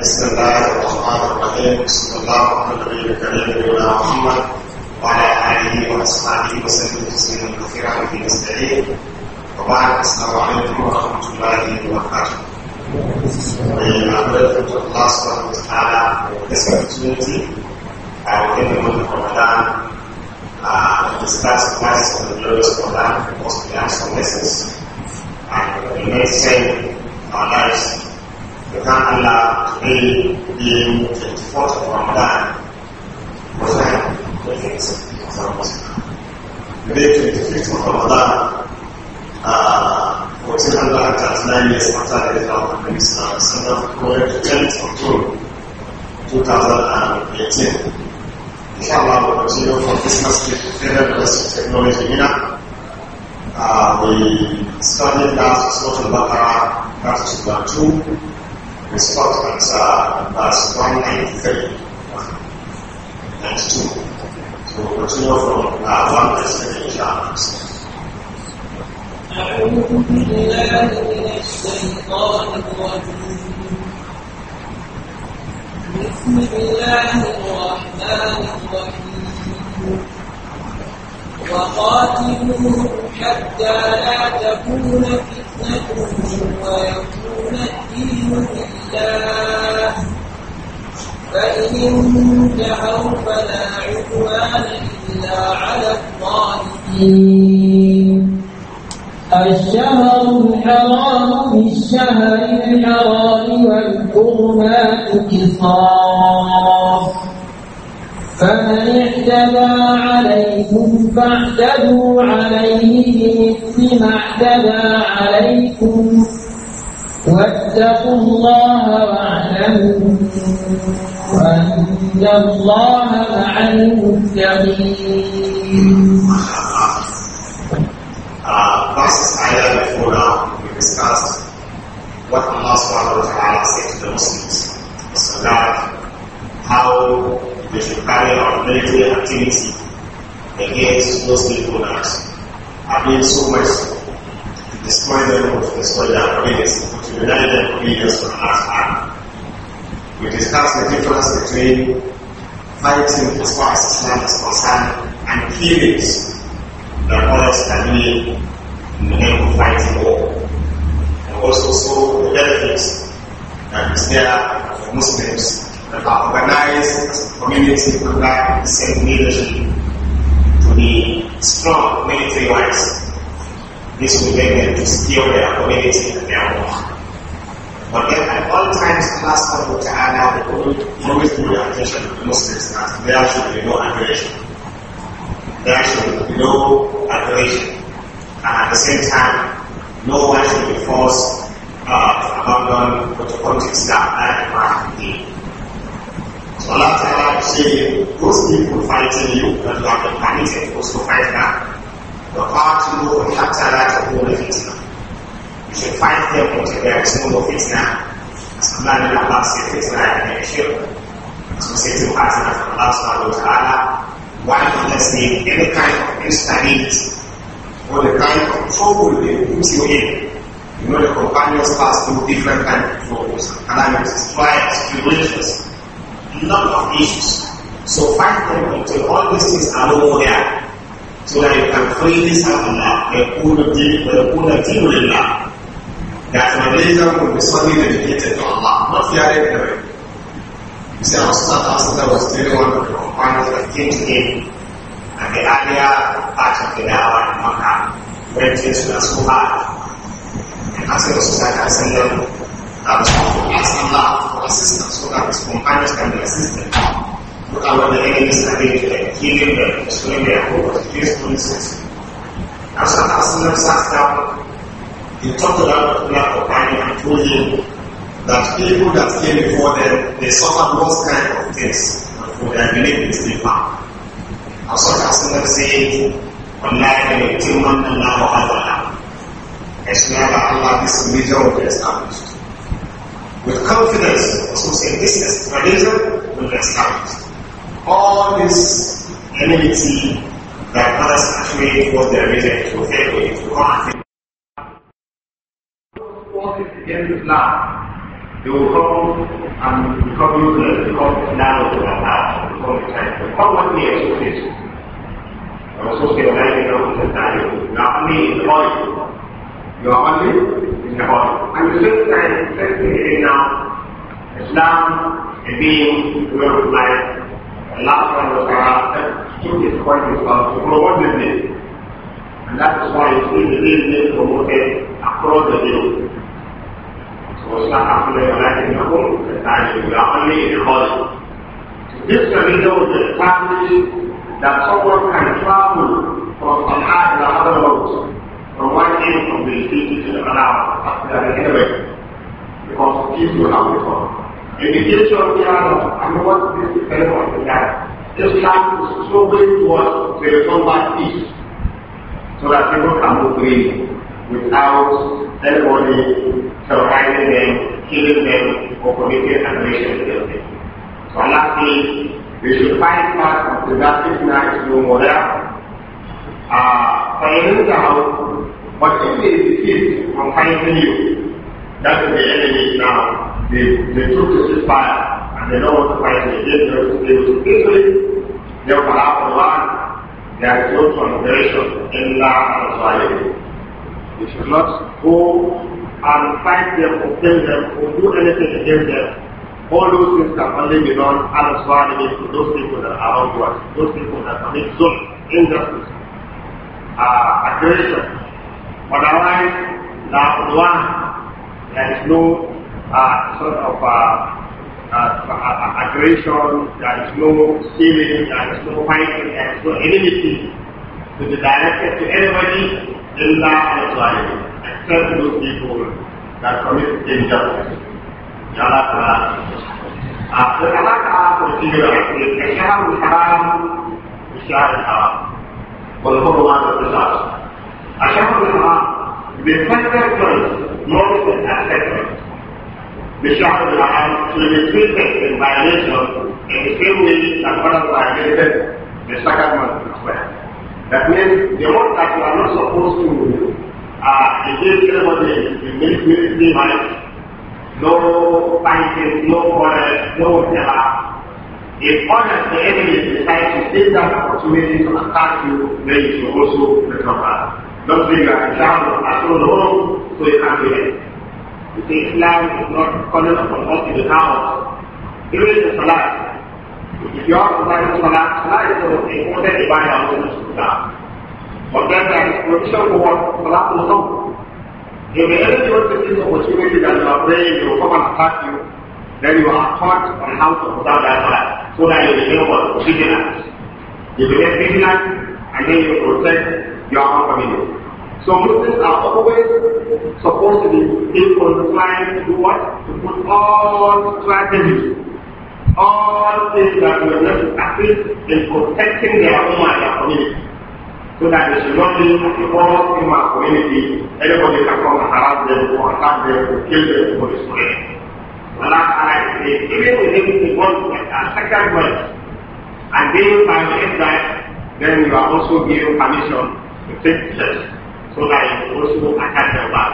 بسم الله الرحمن الرحيم صلى الله النبي الكريم نبينا محمد وعلى اله واصحابه وسلم تسليما كثيرا في نستعين وبعد السلام عليكم ورحمه الله وبركاته We grateful to Allah subhanahu wa ta'ala for this opportunity will give the month for Ramadan to discuss matters of the glorious Quran, mostly and some and we may save our lives we thank Allah today being 24th of Ramadan. Was that 25th? Was that possible? 25th of Ramadan, uh, was Allah nine years after the death of the Minister of Islam, going to 10th of June 2018. Inshallah, we'll continue from this aspect of the rest of Uh, we started last Surah Al-Baqarah, chapter 2, response times are 193 and 2. So we continue from uh, 1 percentage أعوذ بالله من الشيطان الرجيم بسم الله الرحمن الرحيم وقاتلوهم حتى لا تكون فتنة ويكون الدين لله فإن انتهوا فلا عدوان إلا على الظالمين الشهر الحرام بالشهر الحرام والحرمات قصاص فمن اعتدى عليكم فاعتدوا عليه بمثل ما اعتدى عليكم واتقوا الله واعلموا ان الله مع المتقين What Allah subhanahu wa ta'ala said to the Muslims, how they should carry out military activity against those people that are so much to destroy them or to destroy their obedience, to deny them obedience from Allah's hand. Uh, we discussed the difference between fighting as far as Islam is concerned and killings that others can be in the name of fighting war. And also saw the benefits that is there for Muslims our uh, organized as a community the same leadership to be strong military wise. This will get them to steal their community and their work. But then at all times, Allah subhanahu wa ta'ala will always do the attention of the Muslims that there should be no aggression. There should be no aggression, And at the same time, no one should be forced uh, to abandon or to come that Islam and Mahdi. Allah Ta'ala saying, those people fighting you, that you have been permitted also fight back. وَقَاتِلُوا حَتَّى لَا تَكُونَ فِتْنَةً You should fight them until there is no more fitna. As man in Allah said, fitna and shirk. So say to us and from Allah subhanahu wa ta'ala, why does need any kind of instability or the kind of trouble they put you in? You know the companions passed through different kinds of troubles, calamities, trials, tribulations lot of issues. So fight them until all these things are no more there. So that you can freely serve Allah, يَكُونَ دِينُ لِلَّهِ That religion will be solely dedicated to Allah, not fearing the way. You see, our Prophet was really one of the companions that came to him and the earlier part of the Dawah in Makkah when things were so hard. And as a society, I said, that is enough for the system so that his companions can be assisted. Look at what the enemy is having killing them, destroying their homes, useful system. And so Absalom sat down, he talked to that particular companion and told him that people that came before them, they suffered most kind of things, and for their belief is still found. And so Absalom said, Online, you will kill one another, I swear by Allah, this religion will be established with confidence, associate this tradition will expand. All this enmity that others actually force their religion to fail to come forces against Islam, they will come and become useless, become narrow to their heart, become retired. Become what they associate. Associate, like, you know, now only in oil. You are only I body. And the same time, let's say now, Islam being glorified. Allah subhanahu wa ta'ala took his point as well to promote the name. And that is why it is see the real name promoted across the globe. So Islam actually united in the whole society. We are only in This committee was established that someone can travel from an eye to another world romantic ability the allowed that is innovative because in the case of the other, I mean, what this is on the in This Islam is struggling towards the reform by peace so that people can move without anybody terrorizing them, killing them, or committing aggression against them. So Allah says, they should fight back and productive nights no more. فينزعه وكل الكيس from finding you. That is the enemy now. The the truth is fire and they don't want to fight it again. They will easily peacefully. They will have the land. There is no conversion, in Allah and Zahir. You should not go and fight them or kill them or do anything against them. All those things can only be done al-Zahir to those people that are around us. those people that commit zulm, injustice, Aggression. admiration. Otherwise, that one, there is no uh, sort of uh, uh, aggression, there is no stealing, there is no fighting, there is no enmity to be directed to anybody in that society, except those people that commit injustice. Yala Quran. Uh, the Quran are considered as the Shah al-Haram, the Shah al والحرمات والقصاص عشان الحرام بنفكر كويس نوع الأفكار بالشعب العام لنتفكر في الفايليشن extremely transparent violated the second one required. That means the work that you are not supposed to uh, engage everybody in military rights, no fighting, no quarrel, no whatever, If one of the enemies decides to take that opportunity to attack you, then you should also recover. Don't bring your example as so low so you can't do it. You see, Islam is not calling upon us to the house. Even in the Salah, if you are providing Salah, Salah is the most important ibadah of the Islam. But then there is provision for what Salah will come. If the enemy wants to take the opportunity that you are praying, they will come and attack you. then you are taught on how to observe that salah so that you will be vigilant. You will get vigilant and then you protect your own family. So Muslims are always supposed to be people trying to do what? To put all strategies, all things that will not assist in protecting their own and their community. So that they should not be involved in my community. Anybody can come and harass them or attack them or kill them or destroy them. Allah Ta'ala is giving with him the one a second word. And being violate that, then you are also given permission to take steps so that you also attack them back.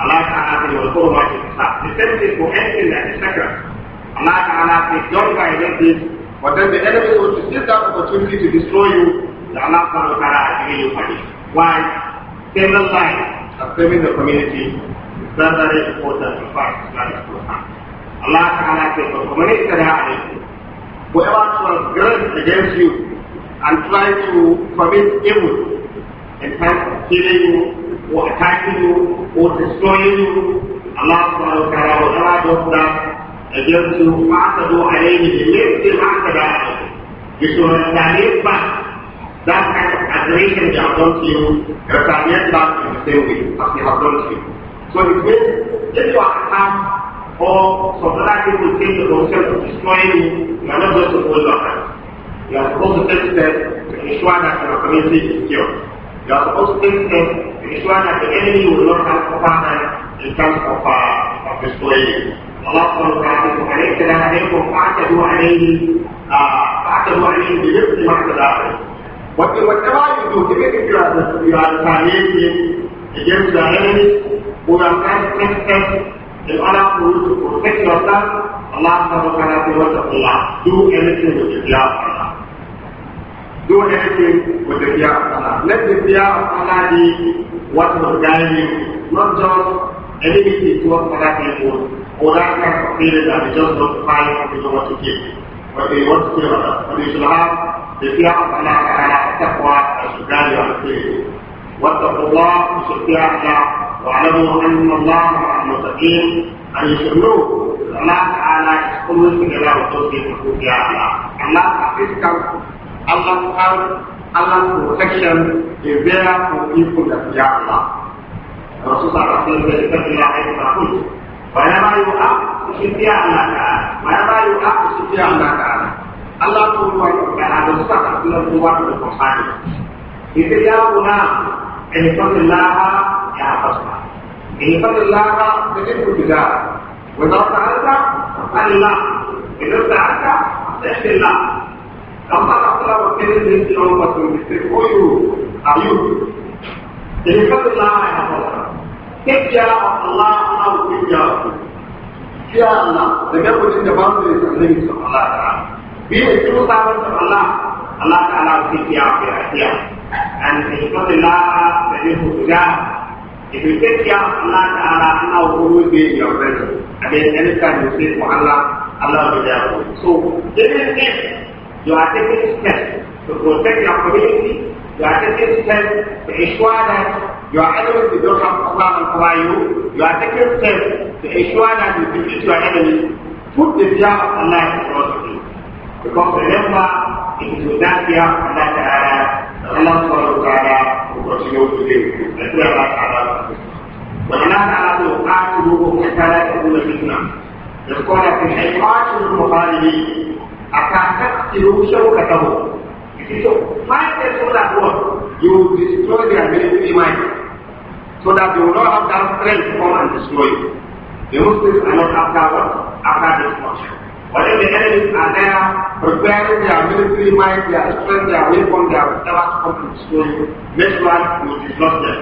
Allah Ta'ala says, will go much in Islam. The same thing for anything that is second. Allah Ta'ala says, don't violate this, but then the enemy will seize that opportunity to destroy you. The Allah Ta'ala has given you permission. Why? saving the life of saving the community is very, very important to fight Islamic Allah Ta'ala says, وَمَنِ اِتَّدَى عَلَيْكُمْ Whoever transgressed against you and tried to commit evil in terms of killing you or attacking you or destroying you, Allah Subhanahu wa Ta'ala will allow those that against you فَعَتَدُوا عَلَيْهِ لِمِثْلِ مَا اعْتَدَى عَلَيْكُمْ You should retaliate back that kind of aggression they have done to you, retaliate back in the same way as they have done to you. So it means if you are attacked Or some other people think to themselves of destroying you, are not going to hold your hand. You are supposed to take steps to ensure that our community is secure. You are supposed to take steps to ensure that the enemy will not have upper in terms of, uh, of destroying uh, you. الله سبحانه وتعالى يقول عليك لا عليكم فاعتدوا عليه فاعتدوا عليه بمثل Whatever you do, even if you are, you are retaliating against the enemy, we are going to take steps If Allah wants to Allah subhanahu wa ta'ala wants Do anything with the Do Let the fear of Allah what will guide you, not just enmity towards other people, or that kind of just don't find or you want to give. But you want to Allah. But you should have the What the Allah, واعلموا ان الله مع المتقين ان يسلوه الله تعالى يحكم segala untuk diikuti Allah. Allah hafiz kamu. Allah tahu Allah protection is there for people that Allah. Rasulullah SAW berkata bila ayat tahun. Bayama yu'ak usitia Allah Bayama yu'ak usitia Allah Allah semua yu'kan ada keluar dari kosanya. Itu yang punah. Ihfadillah إن الله بنسبة تجارة وإذا سألت أسأل الله إذا سألت أسأل الله أما الأصل والكلمة التي أمرت بالسيكويو أيوب بفضل الله يا الله كيف جاء الله أو كيف جاء رسول يا الله لم يكن عند بعض النبي صلى الله عليه وسلم في كل صلى الله الله تعالى في سياق الأشياء أن بفضل الله بنسبة تجارة If you take care of Allah Ta'ala, Allah will always be your friend. I mean, anytime you say for Allah, Allah will be there for you. So, even if you are taking steps to protect your community, you are taking steps to ensure that your enemies do not have Allah over you, you are taking steps to ensure that you defeat your enemies, put the fear of Allah in front of you. Because remember, it is with that fear of Allah Ta'ala, Allah tí ó fi lè kú ẹtú ẹ bá tà lára wọn so that you will not have that strength to come and destroy you. The Muslims are not after what? After destruction. But if the enemies are there, preparing their military might, their strength, their weapon, their whatever conflict to make life will dislodge them.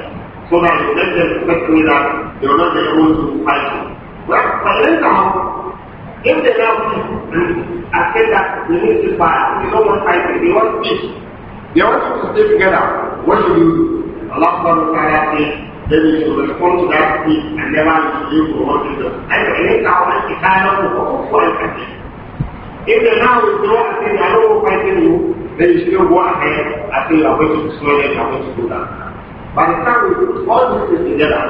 So that they let them quickly that they will not be able to fight them. Well, but later on, if they now I said that we need to fight, we don't want fighting, they want peace. They want you to stay together. What should you do? Allah subhanahu wa ta'ala says, then you should respond to that peace and never you should live for one reason. I don't know how much the kind of people who are if they now الدلوقتي أنا هو فايتينيو ده يشيلوا واحد عشان لو do شوية لو عملت كده بعد كده all this is together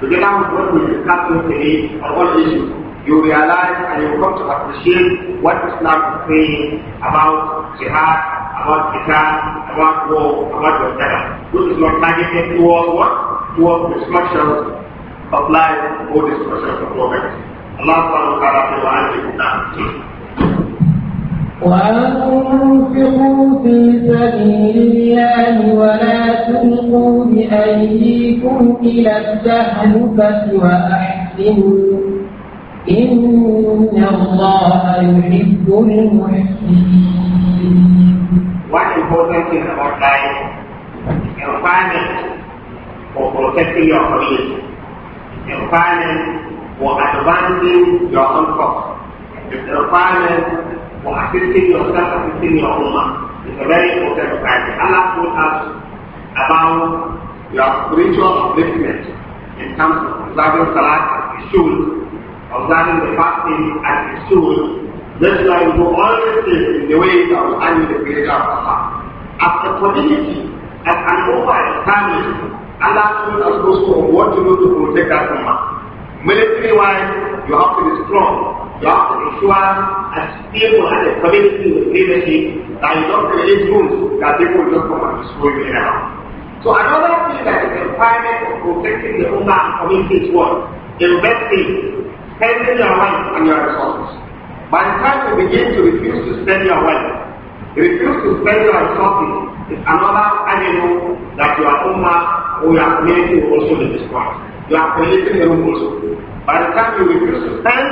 to get the what we discussed today on all issues you realize and you come to appreciate what Islam is saying about jihad, about jihad, about war, about whatever. This is not targeted towards what? Towards destruction of life or destruction of progress. Allah subhanahu wa ta'ala will answer وأنفقوا في سبيل الله ولا تلقوا بأيديكم إلى التهلكة وأحسنوا إن الله يحب المحسنين. One important thing about life, your family for protecting your career, your family for advancing your own cause, your family for assisting yourself, assisting your woman. It's a very important priority. Allah told us about your spiritual upliftment in terms of observing Salat as it should, observing the fasting as it should. This life will do all in the way that will earn the Creator of Allah. As a community, as an overall family, Allah told us also what to do to protect that woman. Military-wise, you have to be strong not ensure a people have a community with leadership that you don't release rules that people just come and destroy you anyhow. So another thing that is a requirement of protecting the Ummah community is what? Investing, spending your money and your resources. By the time you begin to refuse to spend your wealth, refuse to spend your resources, is another avenue that your Ummah or your community will also be destroyed. You are creating your own also. By the time you refuse to spend,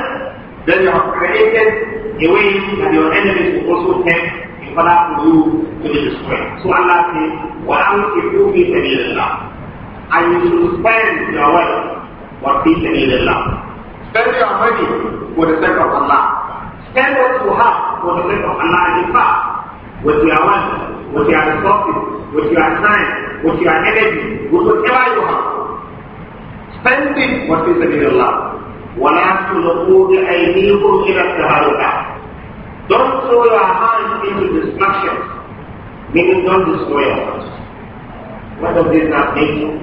then you have created a way that your enemies will also take in order for you to be destroyed. So Allah says, وَأَنْفِقُوا فِي سَبِيلِ اللَّهِ And you should spend your wealth for فِي سَبِيلِ اللَّهِ Spend your money for the sake of Allah. Spend what you have for the sake of Allah and fact, what you are wealth, what you are resources, what you are time, what you are energy, whatever you have. Spend it for فِي سَبِيلِ اللَّهِ ولا إلى Don't throw your hands into destruction, meaning don't destroy others. What does this not mean?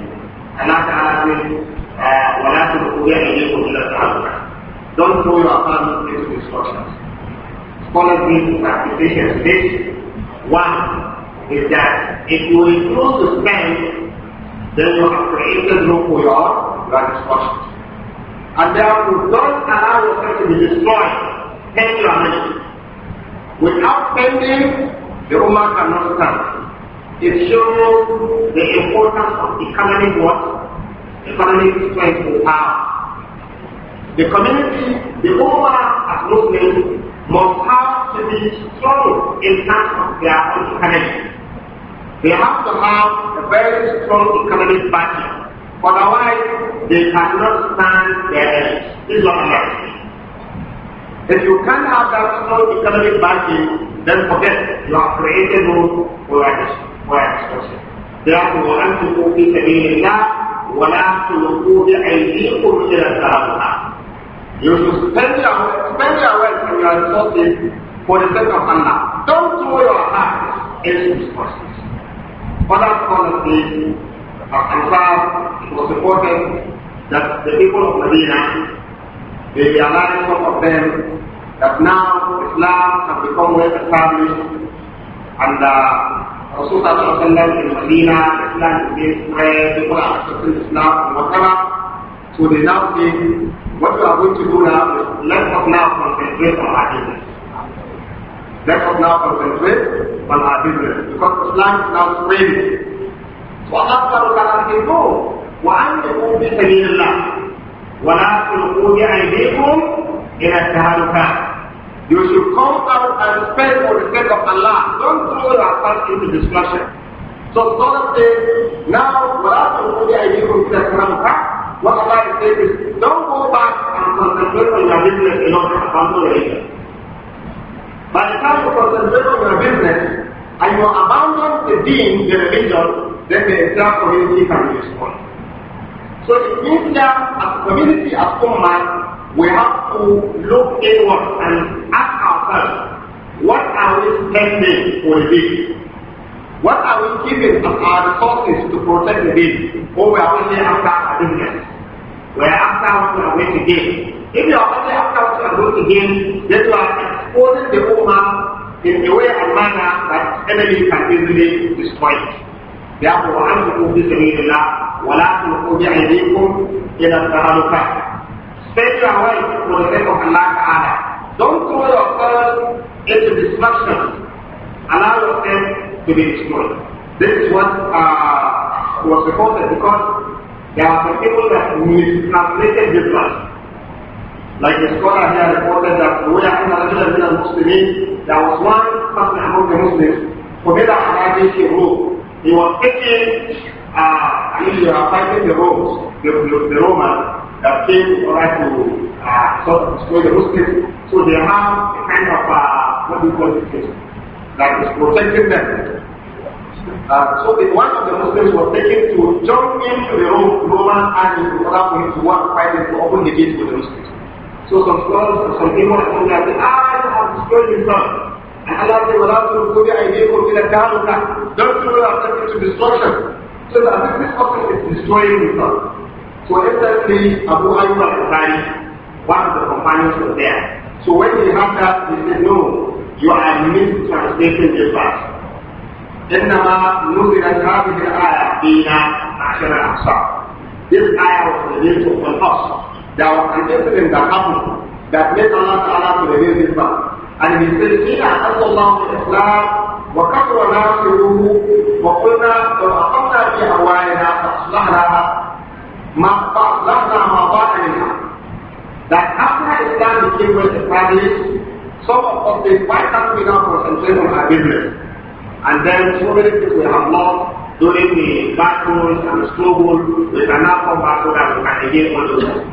Allah Ta'ala says, uh, ولا تلقوا بأيديكم إلى التهلكة. Don't throw your hands into destruction. Scholars give interpretations of this. One is that if you refuse to spend, then you have created room for your, your destruction. And therefore, will not allow yourself to be destroyed endlessly. Without spending, the Roma cannot stand. It shows the importance of economic what? Economic strength and have The community, the Roma as Muslims, must have to be strong in terms of their own economy. They have to have a very strong economic budget otherwise they cannot stand their end. If you can't have that strong economic backing, then forget you have created room for expression. Therefore, وأن تكون في سبيل الله ولا تلقوا بأيديكم إلى التهلكة. You should spend your spend your wealth and your resources for the sake of Allah. Don't throw your heart into this process. Other scholars say of Ansar was important that the people of Medina, they realized some of them that now Islam has become well established and uh, Rasulullah in Medina, Islam is being spread, people are accepting Islam and whatever. So they now say, what we are going to do now is let us now concentrate on our business. Let us now concentrate on our business because Islam is now spreading. وقصروا كما كنتم وأنفقوا في سبيل الله ولا تلقوا بأيديكم إلى التهلكة You should come out and spend for the sake of Allah. Don't throw yourself into destruction. So Salah says, now ولا تلقوا بأيديكم إلى التهلكة What Allah is saying is, don't go back and concentrate on your business in order to handle your By the time you concentrate on your business, and you abandon the deen, the religion, then the entire community can be destroyed. So it means that as a community, as Ummah, we have to look inward and ask ourselves, what are we spending for the deen? What are we giving as our resources to protect the deen? Or oh, we are only after our business? We are after we are going to gain. If you are only after what you are going to gain, then you are exposing the Ummah in the way and manner that enemy can easily destroy it. Therefore, أنفقوا في سبيل الله ولا تلقوا بأيديكم إلى التهلكة. Spend your wealth for the sake of Allah Ta'ala. Don't throw your pearls into destruction. Allow yourself to be destroyed. This is what uh, was reported because there are some people that mistranslated this verse. Like the scholar here reported that, وَيَحْنَ رَجُلًا مِنَ الْمُسْلِمِينَ there was one person among the Muslims who made a Haraji hero. He was taking, uh, he was fighting the Romans, the, the, the Romans that came right to uh, sort of destroy the Muslims. So they have a kind of, uh, what do you call it, that is protecting them. Uh, so the, one of the Muslims was taken to jump into the Roman army in order him to work and to open the gate for the Muslims. تخصص تخدمه الناس اعلى مسؤول الانسان انا لازم اراسل كل ايديكم الى التعامل تحت don't do that to destruction so the effective is destroying itself so instantly Abu Ayyub al-Ansari one of the companions was there so when he heard that he said no you are mistranslating the verse إنما نزلت هذه الآية فينا عشر الأحصار This ayah was revealed to us There was an incident that happened that made Allah Ta'ala to the this man. And he said, إِنَا أَنْتَ اللَّهُ الْإِسْلَامِ وَكَفْرَ نَاسِرُهُ وَقُلْنَا فَأَخَمْنَا فِي أَوَائِنَا فَأَصْلَحْنَا مَا فَأَصْلَحْنَا مَا ظَاهِرِنَا That after Islam became well established, some of us white why can't now concentrate on our business? And then so many people we have lost during the battles and struggle. we cannot come back to that we can again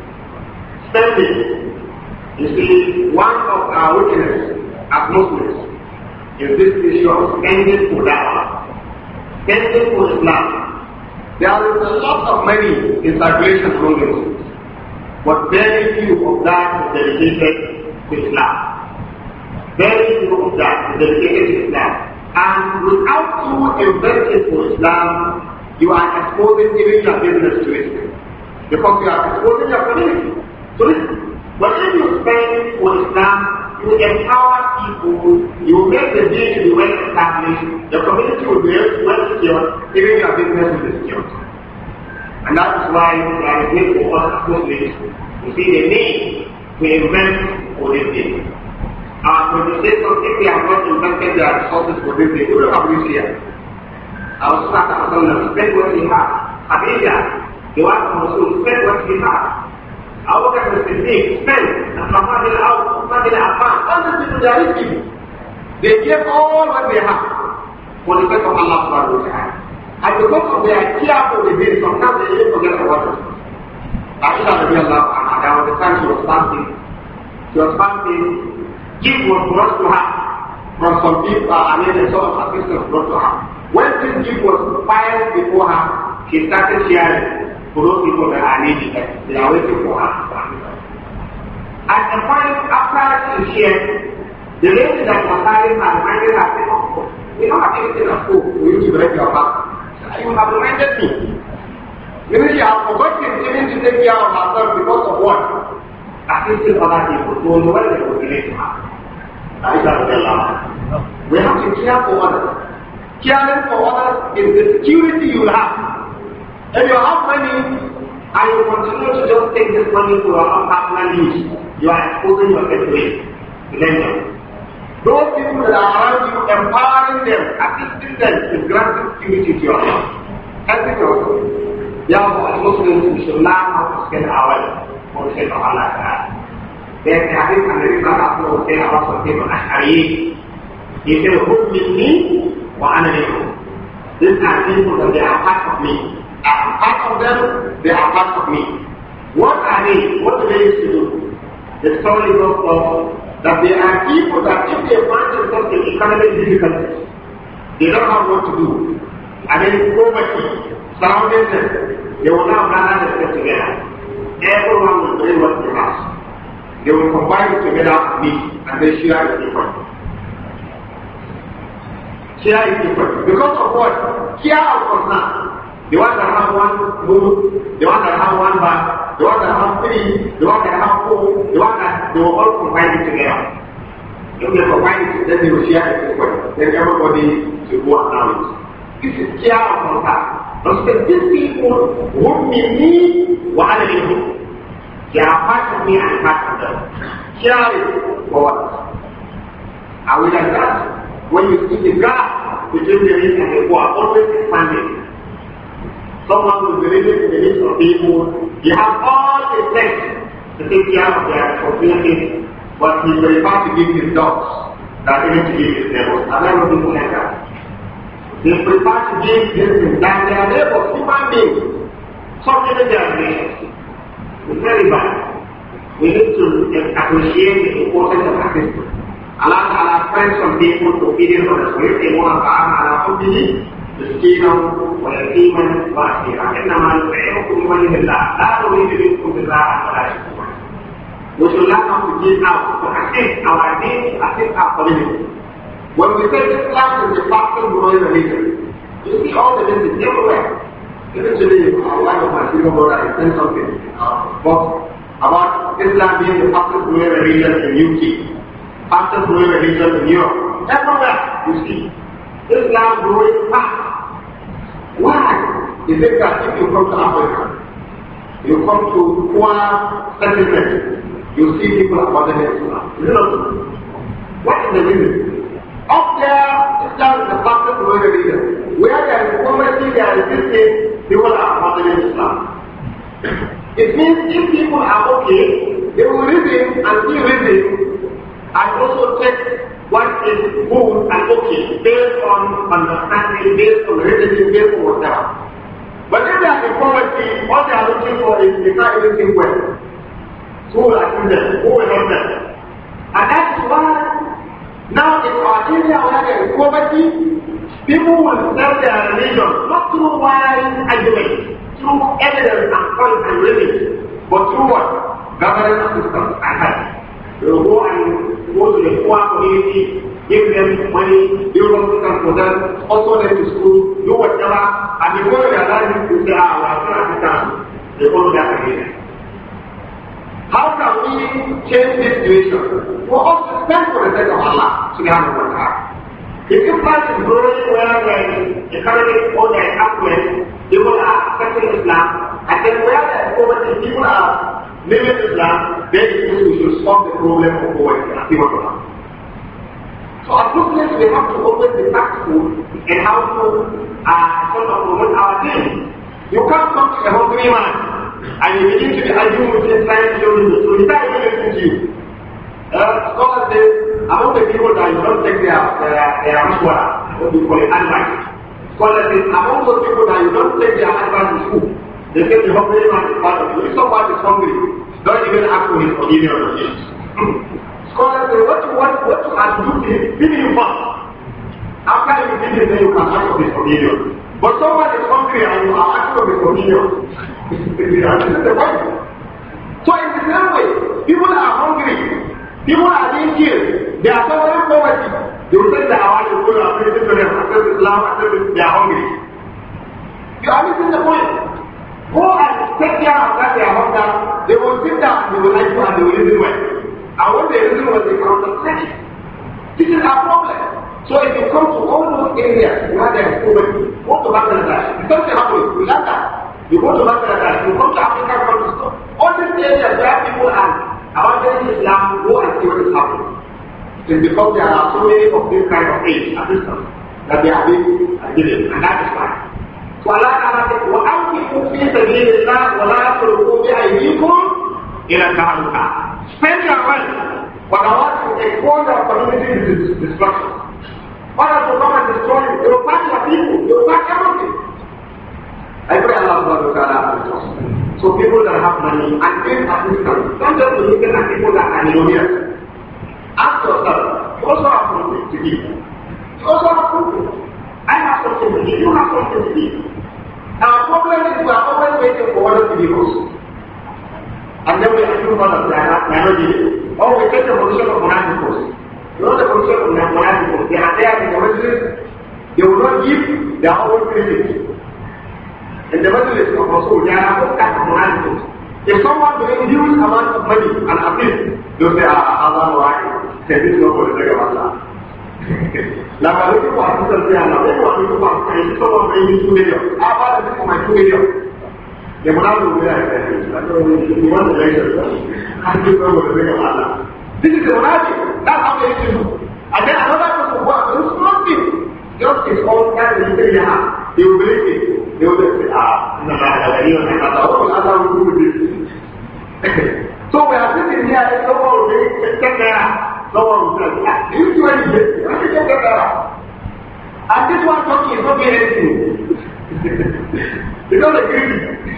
spending you see one of our weaknesses as Muslims in this issue of spending for dawah, spending for Islam. There is a lot of money in circulation from Muslims, but very few of that is dedicated to Islam. Very few of that is dedicated to Islam. And without you investing for Islam, you are exposing even your business to Islam Because you are exposing your community. So whenever you spend for Islam, you will empower people, you will make the day to be well established, the community will be well secured, even your business will be secured. And that is why Islam is made for us as Muslims. You see the need to invest for this day. Uh, when you say something, they have not invested their resources for this day, we will year? Our staff Sallallahu Alaihi Wasallam spent what he had. Khadija, the one who spent what he had. Abu Bakr Siddiq spent Muhammad al Uthman al All the people they are giving. They gave all what they have for the sake of Allah subhanahu wa ta'ala. And because of their careful reveal, sometimes they even forget about it. Aisha Rabbi Allah, there was a time she was fasting. She was fasting. Gift was brought to her from some people, I ah, mean, ah, a sort of assistance brought to her. When this gift was filed before her, she started sharing those people that are needy, they are waiting for the point after she the reason that my father and reminded her, said, oh, we don't have anything at school you to break your back. You have reminded me. You know, have forgotten even to take care of herself because of what? Assisting other people. So, no one will relate to her. That is our We have to care for others. Caring for others is the security you will have. If you have money and you continue to just take this money to your own personal use, you are exposing yourself to it. Remember. Those people that are around you, empowering them, assisting them is granting security to your life. Helping yourself. Therefore, as Muslims, we should learn how to spend our wealth for the sake of Allah Ta'ala. There's a hadith and the Imam Abdul Hussein Allah Sultan al-Ash'ari. He said, me? Wa ana This are people that they are part of me. I'm part of them, they are part of me. What are they? What do they used to do? The story goes on that there are people that if they find themselves in economic difficulties, they don't have what to do. And then poverty surrounding them, they will now gather themselves together. Everyone will bring what they have. They will combine it together and me and they share it equally. Share is different. Because of what? Care and concern. the one that have one guru, the one that have one bath, the one that have three, the one that have four, the one that they will all combine it together. If they combine it, then they will share it equally. Then everybody to go and know it. This is care of contact. Now, so these people whom we need, what are they doing? They are part of me and part of them. Share it for what? And we like that. When you see the gap between the rich and the poor, always expanding. someone who is religious in the midst of people, he has all the strength to take care of their responsibilities, but he prefers to give his dogs than even to give his neighbors. I never people like that? They prefer to give this, his than their neighbors, human beings. Some even their relations. It's very bad. We need to appreciate the importance of assistance. Allah Ta'ala sends some people to obedience on us. We say, Allah Ta'ala, Allah, திருச்சீனம் ஒரு தீமன் வாசியாக நம்மால் பேரக்கும் மனிதர்களா தாரோடு இருக்குங்களா Usulan aku jina aku hakik awal ini hakik apa ini? When we say Islam is the fastest growing religion, you see all the religions everywhere. Eventually, one of my people brother is saying something but about Islam being the fastest growing religion in UK, fastest growing religion in Europe, everywhere you see Islam growing fast. Why? Because that if you come to Africa, you come to poor settlements, you see people abandoning Islam. Is it not What is the reason? Up there, Islam is the fastest growing religion. Where there is poverty, there is this thing, people are abandoning Islam. It means if people are okay, they will reason and be reason and also take what is good and okay based on understanding, based on religion, based on whatever. But if they are in poverty, what they are looking for is they can't even think well. who will accuse them? Who will help them? And that's why now in our area where there is poverty, people will sell their religion not through wise arguments, through evidence and faith and limits, but through what? Governance systems and health go and go to the poor community, give them money, give them for them, clothes, also them to school, do whatever, and the one that lies to say, ah, I are, not understand, they follow that again. How can we change this situation? For us to stand for the sake of Allah, subhanahu wa ta'ala. If you find the growing where the economic order is affluent, people are accepting Islam, and then where the poverty people are name the Islam, then we should solve the problem of poverty as people from So as Muslims, we have to open the be tactful and how to uh, sort of promote our deen. You can't come to a hungry man and you begin to be arguing with him trying to show him so he not even listening to you. Uh, scholars say, among the people that you don't take their, their, their mashwara, what we call it, advice, scholars say, among those people that you don't take their advice in school, they say the hungry man is part of you. If someone is hungry, don't even ask for his opinion on it. Hmm. Scholars say, what you want, what you have to do is feed him first. After you feed him, then you can ask for his opinion. But someone is hungry and you are asking for his opinion. this is the point. So in the same way, people are hungry. People are being killed. They are suffering poverty. You say that our people are preaching to them, accept Islam, accept They are hungry. You are missing the point. Go and take care of that their hunger. They will think that they will like you, and they will reason well. And when they reason well, they come to section. This is our problem. So if you come to all those areas, you have the improvement. Go to Bangladesh. You don't to how you learn that. You go to Bangladesh, you come to African countries. All these areas where people are, our daily Islam, go and see what is happening. It is because there are so many of these kind of aids at this time that they are being given, uh, and that is why. ولا تحرك وأنفقوا في سبيل الله ولا تلقوا بأيديكم إلى التهلكة. Spend your money but I want to expose our community to destruction. What has to come and destroy you? They will pack your people, they will everything. I pray Allah subhanahu wa ta'ala So people that have money and give assistance, not just to at people that are millionaires. Ask yourself, you also have to give. ولد بيكوس النبي يحكم غلط نعمله هو بيكتب كونديشن اوف منافقوس يقول لك كونديشن اوف منافقوس دي عندها في المسجد they will not give their own credit in the message of Rasul they are not kind of managers if someone brings huge amount of money and appeal they'll say ah Allah why say this is not for the sake of Allah لما يجب أن تسأل فيها لما يجب أن يجب أن تسأل someone brings 2 million how about this for my 2 million The problem with that is that you want to raise yourself and you go with the way of Allah. This is the logic. That's how they do. And then another person who has this nothing, just his own kind of thing they have, they will believe it. They will say, ah, no, no, no, no, no, no, no, no, So we are sitting here and someone will say, take care. Someone will say, ah, you do anything. Why do you take care? And this one talking is not doing anything. they don't agree.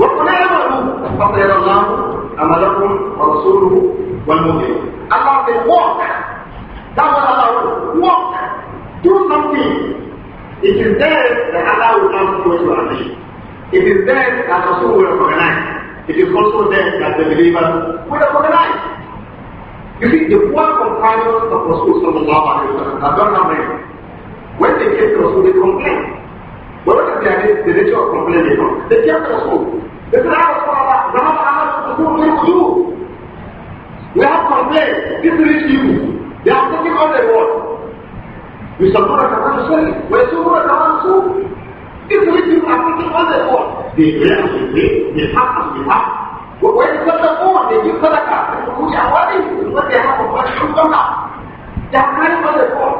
وقل اعملوا فطير الله عملكم ورسوله والمؤمنون Allah said walk that's what Allah will walk do something it is there that Allah will ask you to achieve it is there that Rasul will recognize it is also there that the believer will recognize you see the of companions of Rasul sallallahu alayhi wa sallam have done nothing when they came to Rasul they complained but what is the, the nature of complaining? No? They kept the Rasul. They said, Ah, Rasulullah, Zaman Ahmad Rasul, we do. We have complain. This is you. They are taking all the We want. يسمون كمان We ويسمون كمان رسول This is you are taking all they want. They grant with me, they have us with us. ويتصدقون they give صدقة من You what they have of what they have. They are carrying all they want.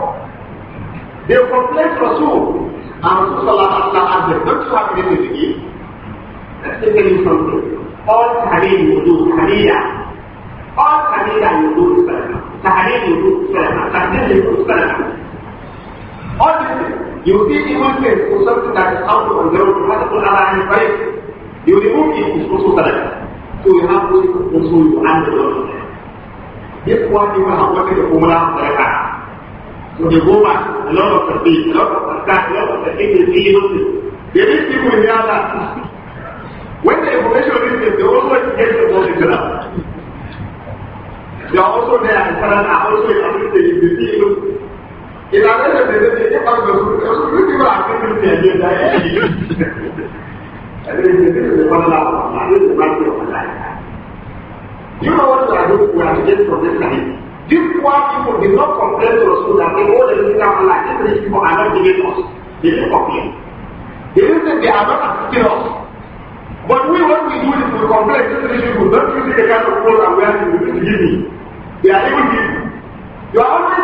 They complain to Rasul. Rasulullah has the good probability specifically from this. All Tahrir you do, Tahrira. All Tahrira you do is Sadaqah. Tahrir you do is Sadaqah. Tahrir you do is Sadaqah. All this you see even this to something that is out of the road, what put Allah in prayer. You remove it is also Sadaqah. So you have to also you and the Lord. This one you have to the Umrah Sadaqah. وديجوما لو تصديق لو تصديق لو تصديق في نص ده بيجي يقول يا ده when the information is they always get the body drop they are also there and parents are also in the field in our way they say they are the good people are people they are there and they say they are not allowed to do the right thing you know what we are doing we are getting from this side These poor people did not complain to us that they owe the minister of Allah. These rich people are not giving us. They didn't complain. They didn't say they are not assisting us. But we, what we do is we complain to rich people, don't you see the kind of clothes I'm wearing you will give me? They are even giving. You are always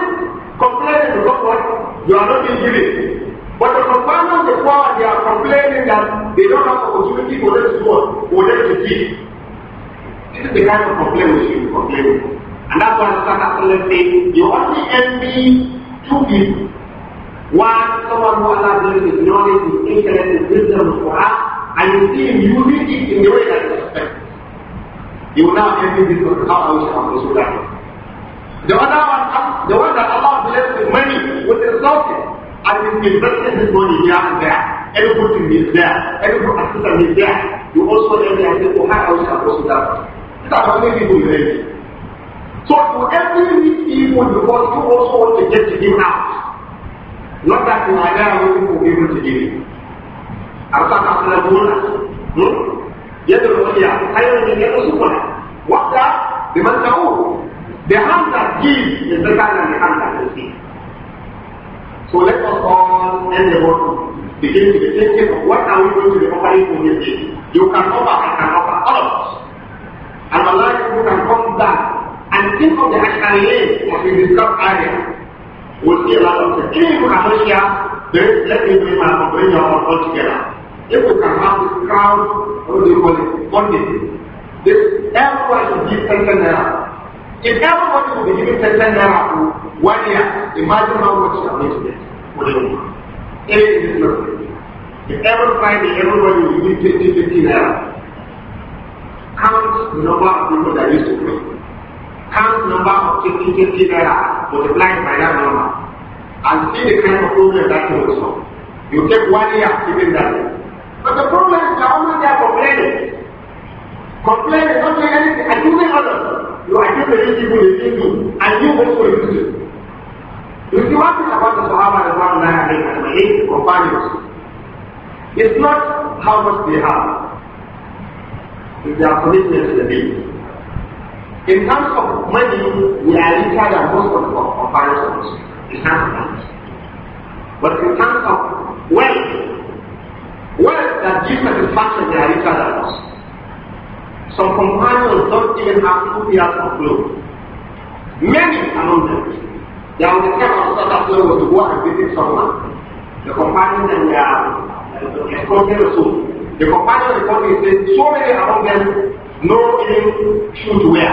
complaining to what? You are not being given. But the complaints of the poor, they are complaining that they don't have opportunity for them to work, for them to give. This is the kind of complaint we should complain with. And that's why Prophet Sallallahu said, you only envy two people. One, someone who Allah blesses with knowledge, with intellect, with wisdom, with Quran, and you see him using it in the way that you expected. You will now envy this one, how I wish I was like The other one, the one that Allah blesses with money, with resources, and with investing his money here and there. Everything is there, every assistance is there. You also envy and say, oh, how I wish I was like that. These are the people you envy. So for every evil you want, you also want to get to him now, Not that you are there looking for evil to give you. After that, the Buddha, hmm? Yet the Buddha, I am in the Supana. What that? The hand that gives is better than the hand that receives. So let us all end the work. Begin to be thinking of what are we going to be offering for this day. You can offer, I can offer, all of us. And Allah, you can come back And think of the Ash'ariyin that the discussed area. We'll see a lot of things. Even if you are not then let me bring my bring your own all together. If we can have this crowd, what do you call it? Bonding. This everyone should give ten ten naira. If everybody will be giving ten ten naira to one year, imagine how much you are going to get for the woman. It is not if every Friday everybody will give 20, 50 naira, count the number of people that used to pray count number of KPKP error multiplied by that number and see the kind of problem that you will solve. You take one year even that. But the problem is the only they are complaining. Complain is not doing anything, accusing others. You accuse the rich people they didn't do, and you also use it. You see what is about the Sahaba and one line and the eight companions. It's not how much they have. It's their commitment to the people. In terms of money, we are richer than most of our comparisons. In terms of that. But in terms of wealth, wealth that gives satisfaction, they are richer than us. Some companions don't even have two pairs of clothes. Many among them. they was a time I was that was to go and visit someone. The companions and their companions, uh, the companions, the companions, so many among them no even shoe to wear,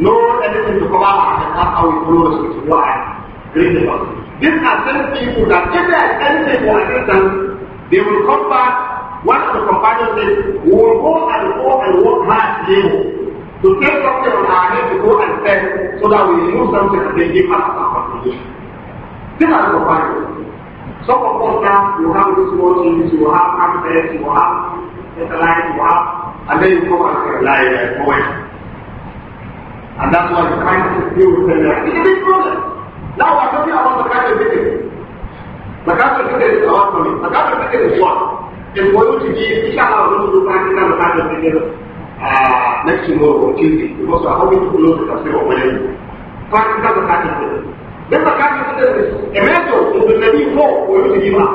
no anything to cover up and that's how we close with Why? Read the These are certain people that if there is anything for resistance, they will come back. One of the companions said, We will go and go and work hard today to take something on our head to go and sell so that we remove something and then give us our contribution. These are the companions. Some of us now, you have this watching, you have access, you have satellite, you have Annabi kuma la ya kawai. And that's why the kind of people who say that it's a big problem. Now we're talking about the kind of people. The kind of people is not for The kind of people is what? It's for you to be, inshallah, we're going to do that kind of kind of people uh, next tomorrow or Tuesday. Because we're hoping to close the tafsir on Wednesday. Practical the kind of people. Then the kind of people is a method in the Nabi 4 for you to give up.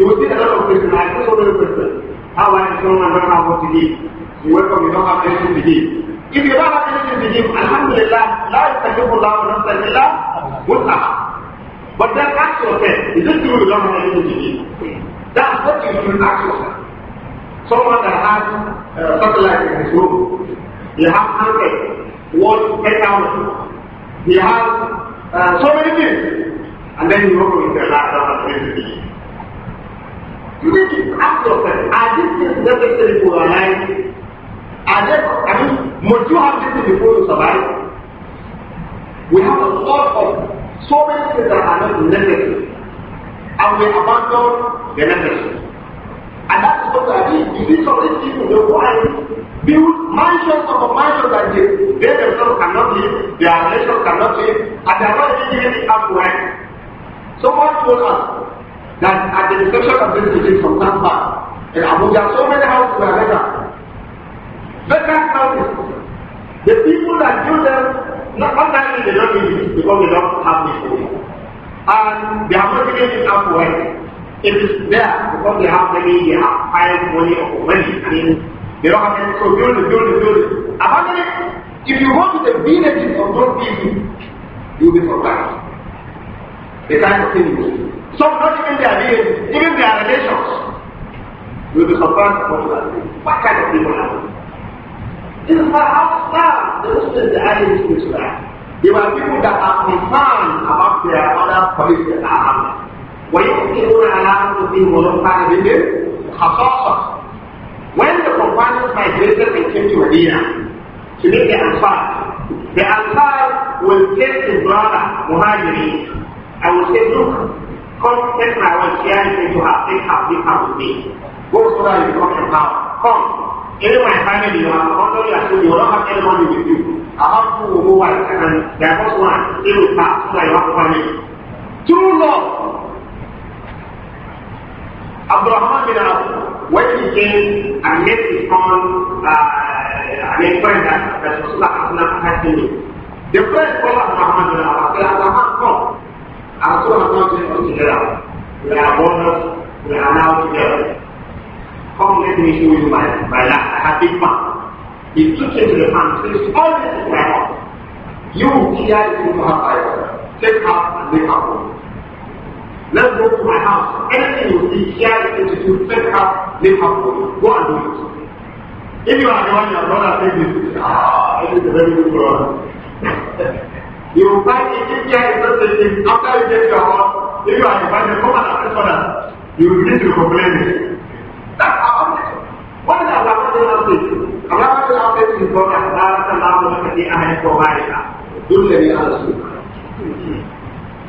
You will see a lot of Christians, I see so many Christians. How are you strong and don't have what to give? You welcome, you don't have anything to give. If you don't have anything to give, Alhamdulillah, la yukallifu Allah nafsan illa wus'aha. But then ask yourself, is it true you don't have anything to give? That's what you should ask yourself. Someone that has uh, satellite in his room, he has hundred, one, ten thousand, he has uh, so many things, and then you go to the life and have to give. You need to ask yourself, are these things necessary for your life? Are they, I mean, must you have this before you survive? We have a lot of so many things that are not necessary. And we abandon the necessary. And that is what I mean. You see some of these people, they go and build mansions upon mansions that they, they themselves cannot live, their relations cannot live, and they are not even giving it up So rent. Someone told us, that at the reception of this meeting from Tampa in Abuja, so many houses were vacant. Vacant houses. The people that do them, not only they don't need it because they don't have it for And they are not given it up for It is there because they have money, they have high money or money. I mean, they don't have any, so build it, build it, build it. If you go to the villages of those people, you'll be surprised the kind of thing we do. Some, not even their name, even their relations. You'll be surprised at what you are doing. What kind of people are they? This is not how Islam, the Muslims, the early Muslims were. They were people that are concerned about their other colleagues that are allowed to be أنفسهم ولو كان بهم خصاصة. When the companions migrated and came to Medina to make the Ansar, the Ansar will take his brother, Muhammad. I will say, look, come take my one chair and say to her, please have this house with me. Go so that you become empowered. Come. Even my family, you are under your food, you don't have any money with you. I have two who are and there first one, it will pass so that you have money. True love. Abraham bin Abu, when he came and met his son, uh, I mean, friend that, that was not, not happening. The first call of Abraham bin Abu, Abraham, come. Our children are not together. We are bonus, we are now together. Come let me show you my, my life. I have big man. He took him to the farm, says, all this is my house. You here is to have by Take half and make half home. Let's go to my house. Anything you see here is to do, take half, make half home. Go and do it. If you are the one your brother says this, ah, this is a very good brother. You find it easier in such a thing after you get your own. If you are invited, come and ask for that. You need to complain. That's how it is. What is Allah Ta'ala saying? Allah Ta'ala says in God, Allah Ta'ala says, I am provider. Do let me ask you.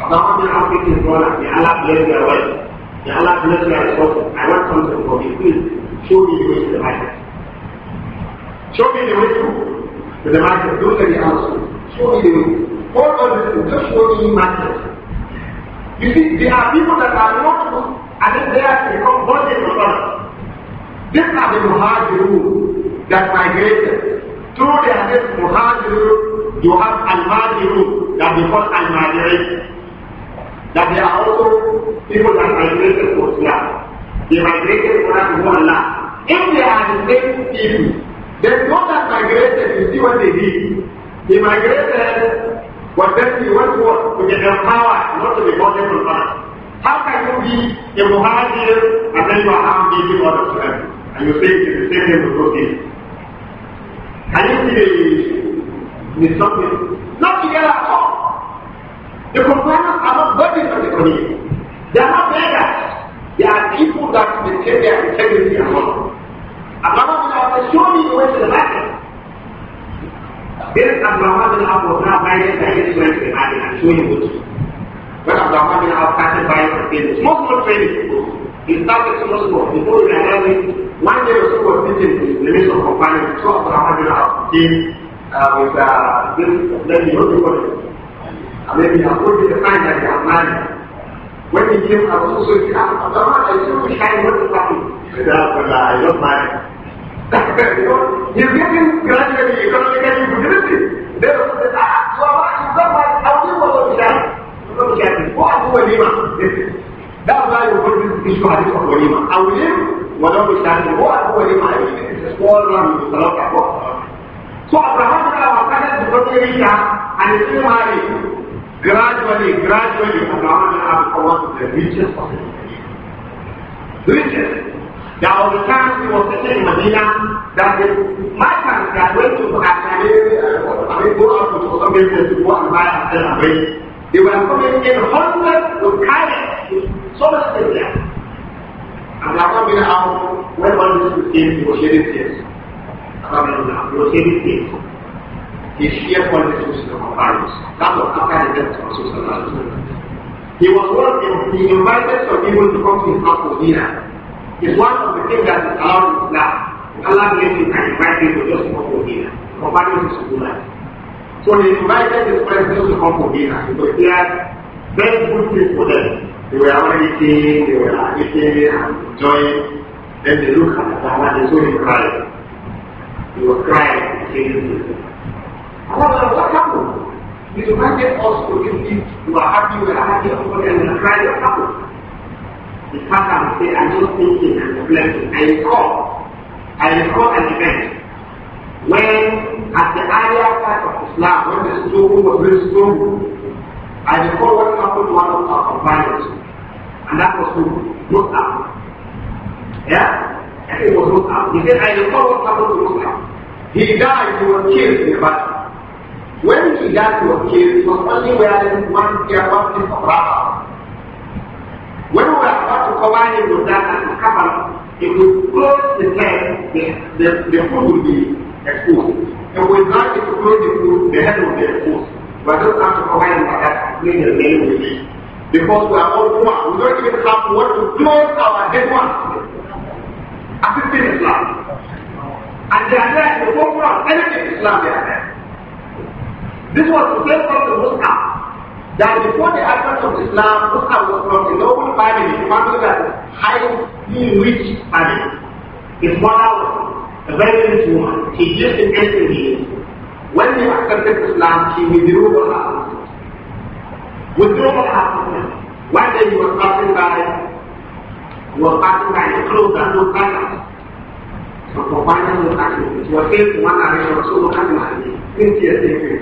Allah Ta'ala says in Allah bless your wife. Allah bless your resources. I want something from you. show me the way Show me the way to the market. Do let me ask you. Show me the 400 in just one EU market. You see, there are people that are not and then they have become bonded to us. These are the Muhajirun that migrated. Through their name Muhajirun, you have Al-Majirun that we call al That they are also people that migrated to Islam. They migrated for us to Allah. If they are the same people, then those that migrated, you see what they did. They migrated but then you want to, to their power, not to be bonded man. How can you be a muhajir and then you are harm giving others to them? And you say it is the same thing with those things. Can you see the misogynist? Not together at all. The companions are not bodies of the community. They are not beggars. They are people that maintain their integrity and honor. Another thing I say, show me the way to the market. Then Abdurrahman bin Auf was now guided by his friend and showing what to do. When Abdurrahman bin Auf started buying and small small trading people, he small small. Before one day Rasul was sitting with the list of companions, so Abdurrahman bin Auf with uh, this, let me know what it is. And then the sign that he had married. When he came, I was also saying, I still wish I had not married. He said, I don't marry. He's getting gradually economically stability. Therefore, the ah, you are right, you don't like how you were going to share. You were sharing. Who are you walima? This is. That's why you put this issue hadith of walima. Awlim, walau bisharing. Who are you walima? It's a small run, you cannot talk about. So Abraham and our father is going to reach out and he's going to marry. Gradually, gradually, Abraham and our father is the richest possible. Richest. da Auritani was sitting in Medina, that the merchants they are to Akane, I mean, go out to some business to go and buy and sell and bring. They were coming in hundreds with carriages, so many things there. And they are coming out when all this came, he was sharing tears. He was sharing tears. He shared all this with the companions. That was after the death of Rasul Sallallahu Alaihi Wasallam. He was one of the invited some people to come to his house for dinner. อีกว่าต้องไปเที่ยวกันตลอดนะกำลังเรียนอยู่ไหนไม่ติดตัวจะสมบูรณ์ดีนะเพรานว่าที่สุดแล้วส่วนอีกไม่ได้จะเป็นที่สมบูรณ์ดีนะโดยที่ได้พูดคุยกันดูแลวันที่เดียวละอีกทีนึงจอยได้เรียนร้ขั้นตอนในส่วนใครอยู่ใค้ที่นี่คนเราทำมีตัวแทนออสตรเลียที่ว่าที่ว่าที่ออสเตรเลียใครจะทำ The father will say, I'm not thinking, and reflecting. I recall. I recall an event. When, at the earlier part of Islam, when the struggle was very strong, I recall what happened to one of our companions. And that was who? Muslim. Yeah? And it was Muslim. He said, I recall what happened to Muslim. He died, he was killed in a battle. When he died, he was killed, he was only wearing one pair, one piece of rubber. When we are about to combine him with that and to cover it, we close the head, the, the, the food will be exposed. and we not if to close the food, the head will be exposed. We are just have to combine him by that clean the name with it. Because we are all one. We don't even have what to close our head once. As it is Islam. And they are there in the whole world. Anything Islam they are there. This was the same from the Muslim that before the advent of Islam, Muslim was from a noble family, a family that highly rich family. His mother was a very rich woman. He lived in Eastern years. When he accepted Islam, he withdrew from house. Withdrew from house. One day he was passing by, he was passing by a clothes that no like So for finding the him. He was saying to one narration, so look at him, since he is saying to his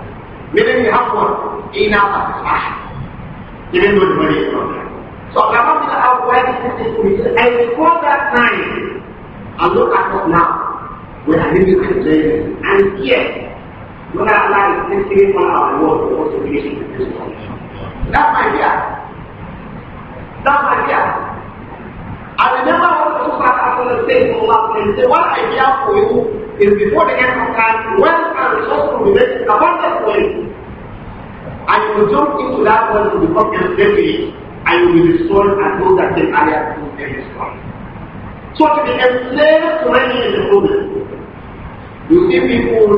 meaning we have one inner passion, even though the money is not there. So Allah will have why this is I recall that time and look at us now when I really complain and fear when Allah is taking one out and work for us to be That's my fear. That's my fear. I remember what Rasulullah Sallallahu said to Allah, he said, what I have for you is before the end of time, wealth and resources to be made abundant for you. And you will jump into that one to become deputy, and you will be destroyed and know that the area will be destroyed. So to be enslaved to money is a problem. You see people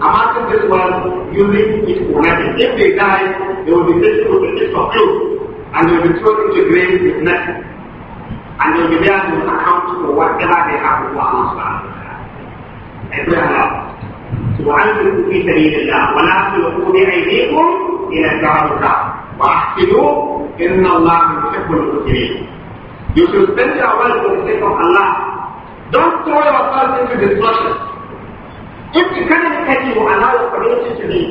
amassing this world using it for nothing. If they die, they will be taken to the place of clothes, and they will be thrown into graves with nothing and they'll be there to account for whatever they have to Allah subhanahu wa ta'ala. وأنفقوا في سبيل الله ولا تلقوا بأيديكم إلى التعرض وأحسنوا إن الله يحب المسلمين. You should spend your wealth for the sake of Allah. Don't throw yourself into destruction. If economically you allow your community to be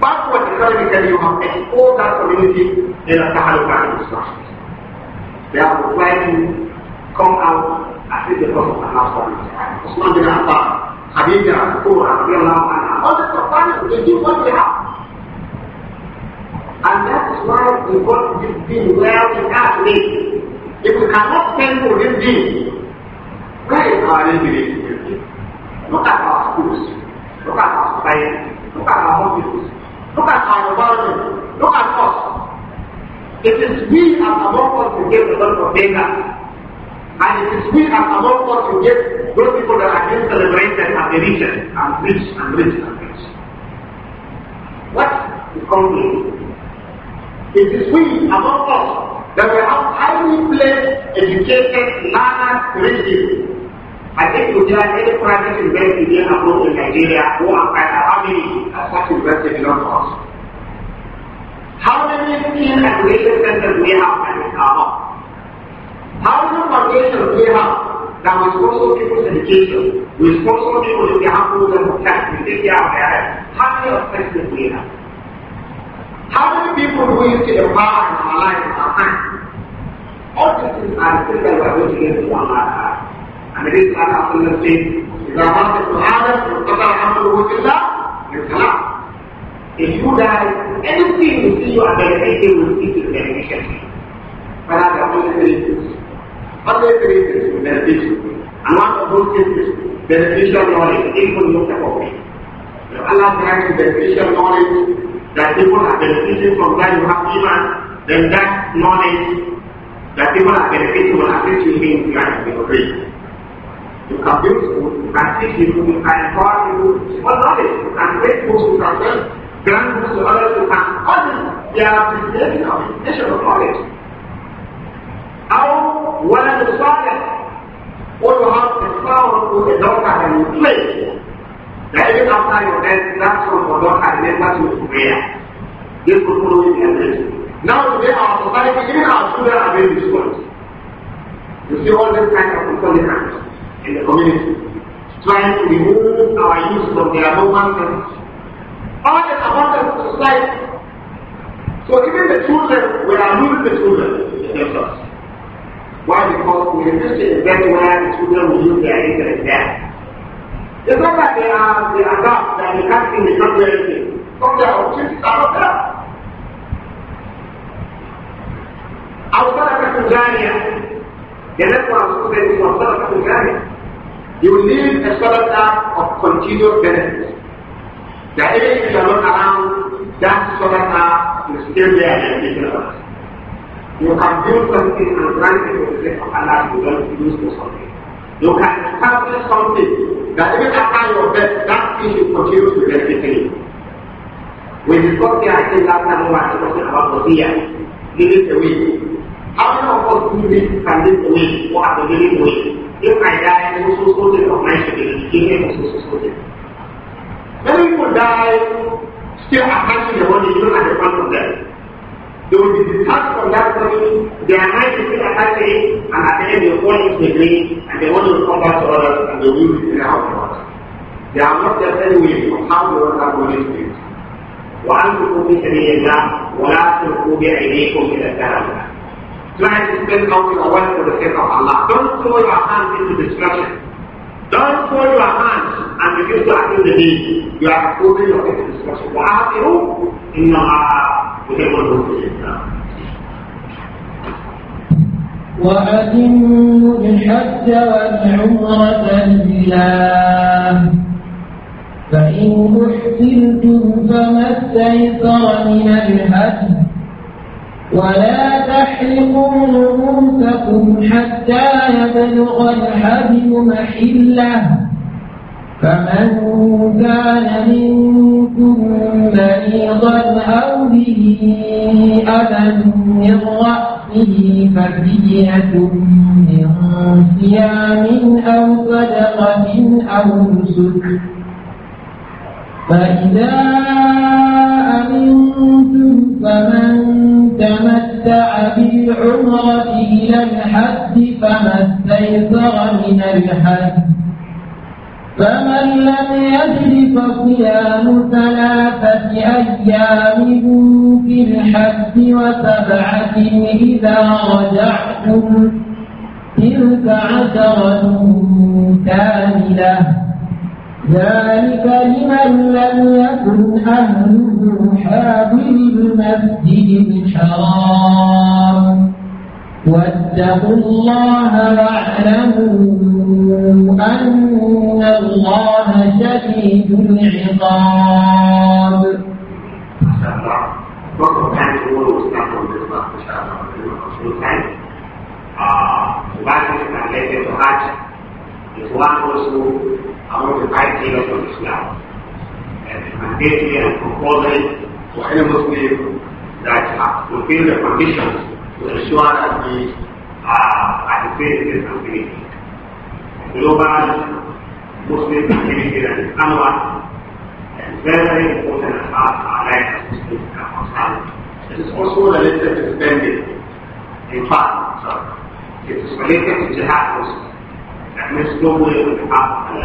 backward economically, you have exposed that community in a Sahara destruction. They are providing come out as if the Prophet Allah's promise. not bin Affan, Khadija, Kura, Radiallahu anha, all the companions, they give what they have. And that is why we want this where we have to be. If we cannot stand for this thing, where is our religion? Look at our schools, look at our society, look at our hospitals, look at our environment, look at us. It is we and among us who gave the Lord of Data and it is we as among us you get those people that are being celebrated and the richest and rich and rich and rich. What is coming? It is we among us that we have highly placed, educated, learned, rich people. I think we today any private university abroad in Nigeria who are find how army as such invested in us. How many skill and related centers we have and our how do foundations we have that we sponsor people's education, we sponsor people if they have problems of tax, we take care of their health? How many affect the have? How many people who you see the power in our life in our hands? All these things are things that we are going to get to Allah. And it is like our Sallallahu said, إذا مات ابن آدم انقطع عمله إلا You ثلاث. If you die, anything you see you are benefiting will see to the But I beneficiary. فلا تقول لي beneficial, beneficial. Allah produces this beneficial knowledge even look about it. Allah grants beneficial knowledge that people are benefiting from that you have iman, then that knowledge that people are benefiting will affect you in life in great. You can build you can people, you empower people, all knowledge, and can books, to can grant books to others, you can all this. They are appreciation of knowledge. أو ولد صالح قولها تتصور وتدوقع المطلق لأجل أفضل يبقى نفسه وتدوقع من نفسه الكبيرة دي الكفر من الأمريكا Now today our society, even our children are very discouraged. You see all this kind of people in the community trying to remove our youth from their normal sense. All the abundance of society. So even the children, we are losing the children In the themselves. Why? Because we refuse to invest where the children will use their interest there. It's not that they are the adults that they can't think, they can't do anything. Some their opportunities are not there. Our Sadaqah Tanzania, the next one student is from Sadaqah Tanzania. You will need a Sadaqah of continuous benefits. That even if you are not around, that Sadaqah will still there and taken up. You can do something and grant it to the place of Allah you don't use for something. You can establish something that even after your death, that thing will continue to replicate. We discussed here, I think, last time we were talking about Hosea, giving away. How many of us do this can live away What are a living away? If I die, also so of my children, give him also so Many people die still attaching the money, even at the front of them. They will be discharged from that body, their mind is still attached to it, and at the end they fall into the grave, and they want to come back to others, and they will be in the house of others. They are not just any way of how they want that body to be. وأنفقوا في سبيل الله ولا تلقوا بأيديكم إلى التهلكة. Try to spend out your wealth for the sake of Allah. Don't throw your hands into destruction. Don't fold your hands and begin to accuse the knee. You are proving your discussion. Why you? in your إِنَّهَا مُهِمَّةٌ فِي وأتموا الحج والعمرة لله فإن أحسنتم فما استيسر من الهدي ولا تحلقوا رؤوسكم حتى يبلغ الحبل محله فمن كان منكم مريضا أو به ابا من رأسه ففدية من صيام أو صدقة أو نسك فإذا أمنتم فمن تمتع بالعمرة إلى الحد فما استيسر من الحد فمن لم يجد فصيام ثلاثة أيام في الحج وسبعة إذا رجعتم تلك عشرة كاملة ذلك لمن لم يكن أهله حاضر المسجد الحرام واتقوا الله واعلموا أن الله شديد العقاب. ما شاء الله. وقف عن الأمور واستحكم بالله ما شاء الله. وبعد كده عليك الحاجة इस्लाम उसको हम लोग fight किया तो इस्लाम mandate and proposing to any Muslim that uh, fulfill the conditions to ensure that we uh, participate in this activity. Global Muslim community that is annual and very, very important as far as our lives as Muslims are concerned. It is also related to spending. In fact, it is related to jihad also. نسلكه الحق ان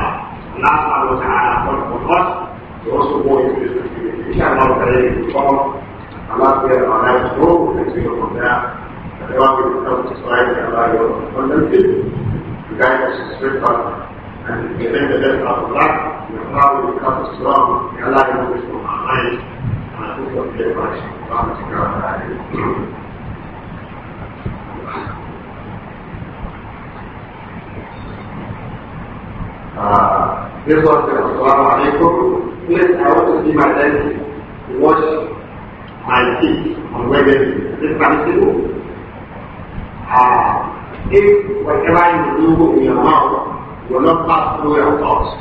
شاء الله تعالى يتفرغ الله سبحانه ان يتم ذكر الله ويقرأ this was the Assalamu alaikum. Please, I want to see my dad to wash my feet on Wednesday. This permissible? Uh, if whatever you do in your mouth will not pass through your thoughts,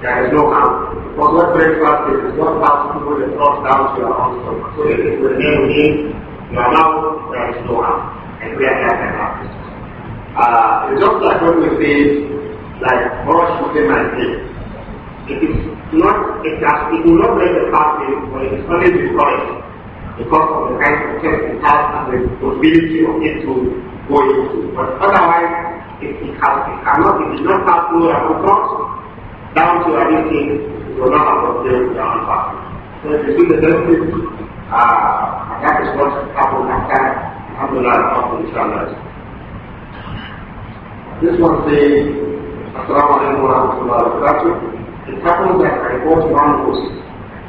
there is no harm. Because what breakfast is, is not pass through the thoughts down to your own stomach. So if it will remain within your mouth, there is no harm. And we are happy about have this. Uh, it's just like when we say, like horse supremacy. It is not, it, has, it will not make the past but it is only destroyed because of the kind of test it has and the possibility of it to go into. But otherwise, it, it, has, it cannot, it did not have to approach down to anything, it will not have obtained the answer. So if you see the benefit, uh, that is what happened after Alhamdulillah of the This one says, السلام عليكم ورحمة الله وبركاته اتقوا that I bought one who's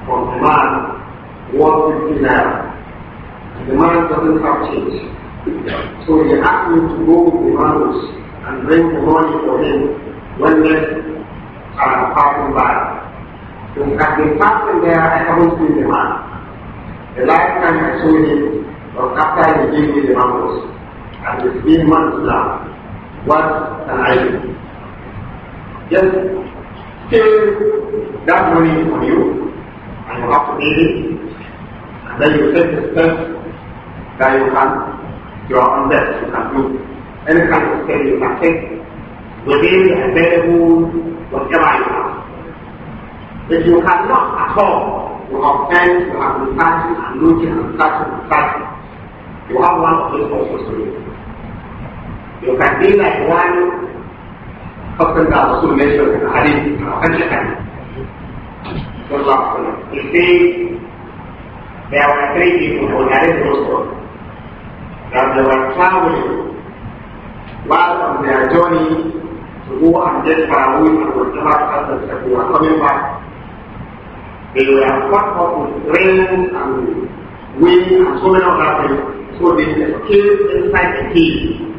from a man wanted 50 naira. The man doesn't have change. So he asked me to go with the mangoes and bring the money for him when they are uh, passing by. So as they passing there, I haven't seen the man. The last time I saw him was after he gave me the mangoes. And it's been months now. What can I do? just save that money for you and you have to eat it and then you take the steps that you can you are on that you can do any kind of step you can take within the available whatever you have if you cannot at all you have time, you have researching and looking and searching and searching. You have one of those also to do. You can be like one فضلا على رسول الله صلى الله عليه وسلم three people who a it also. they were traveling while on their journey to go and get Paraguay and whatever others that were coming back. They were caught up with rain and wind and so many other things. So they escaped inside the cave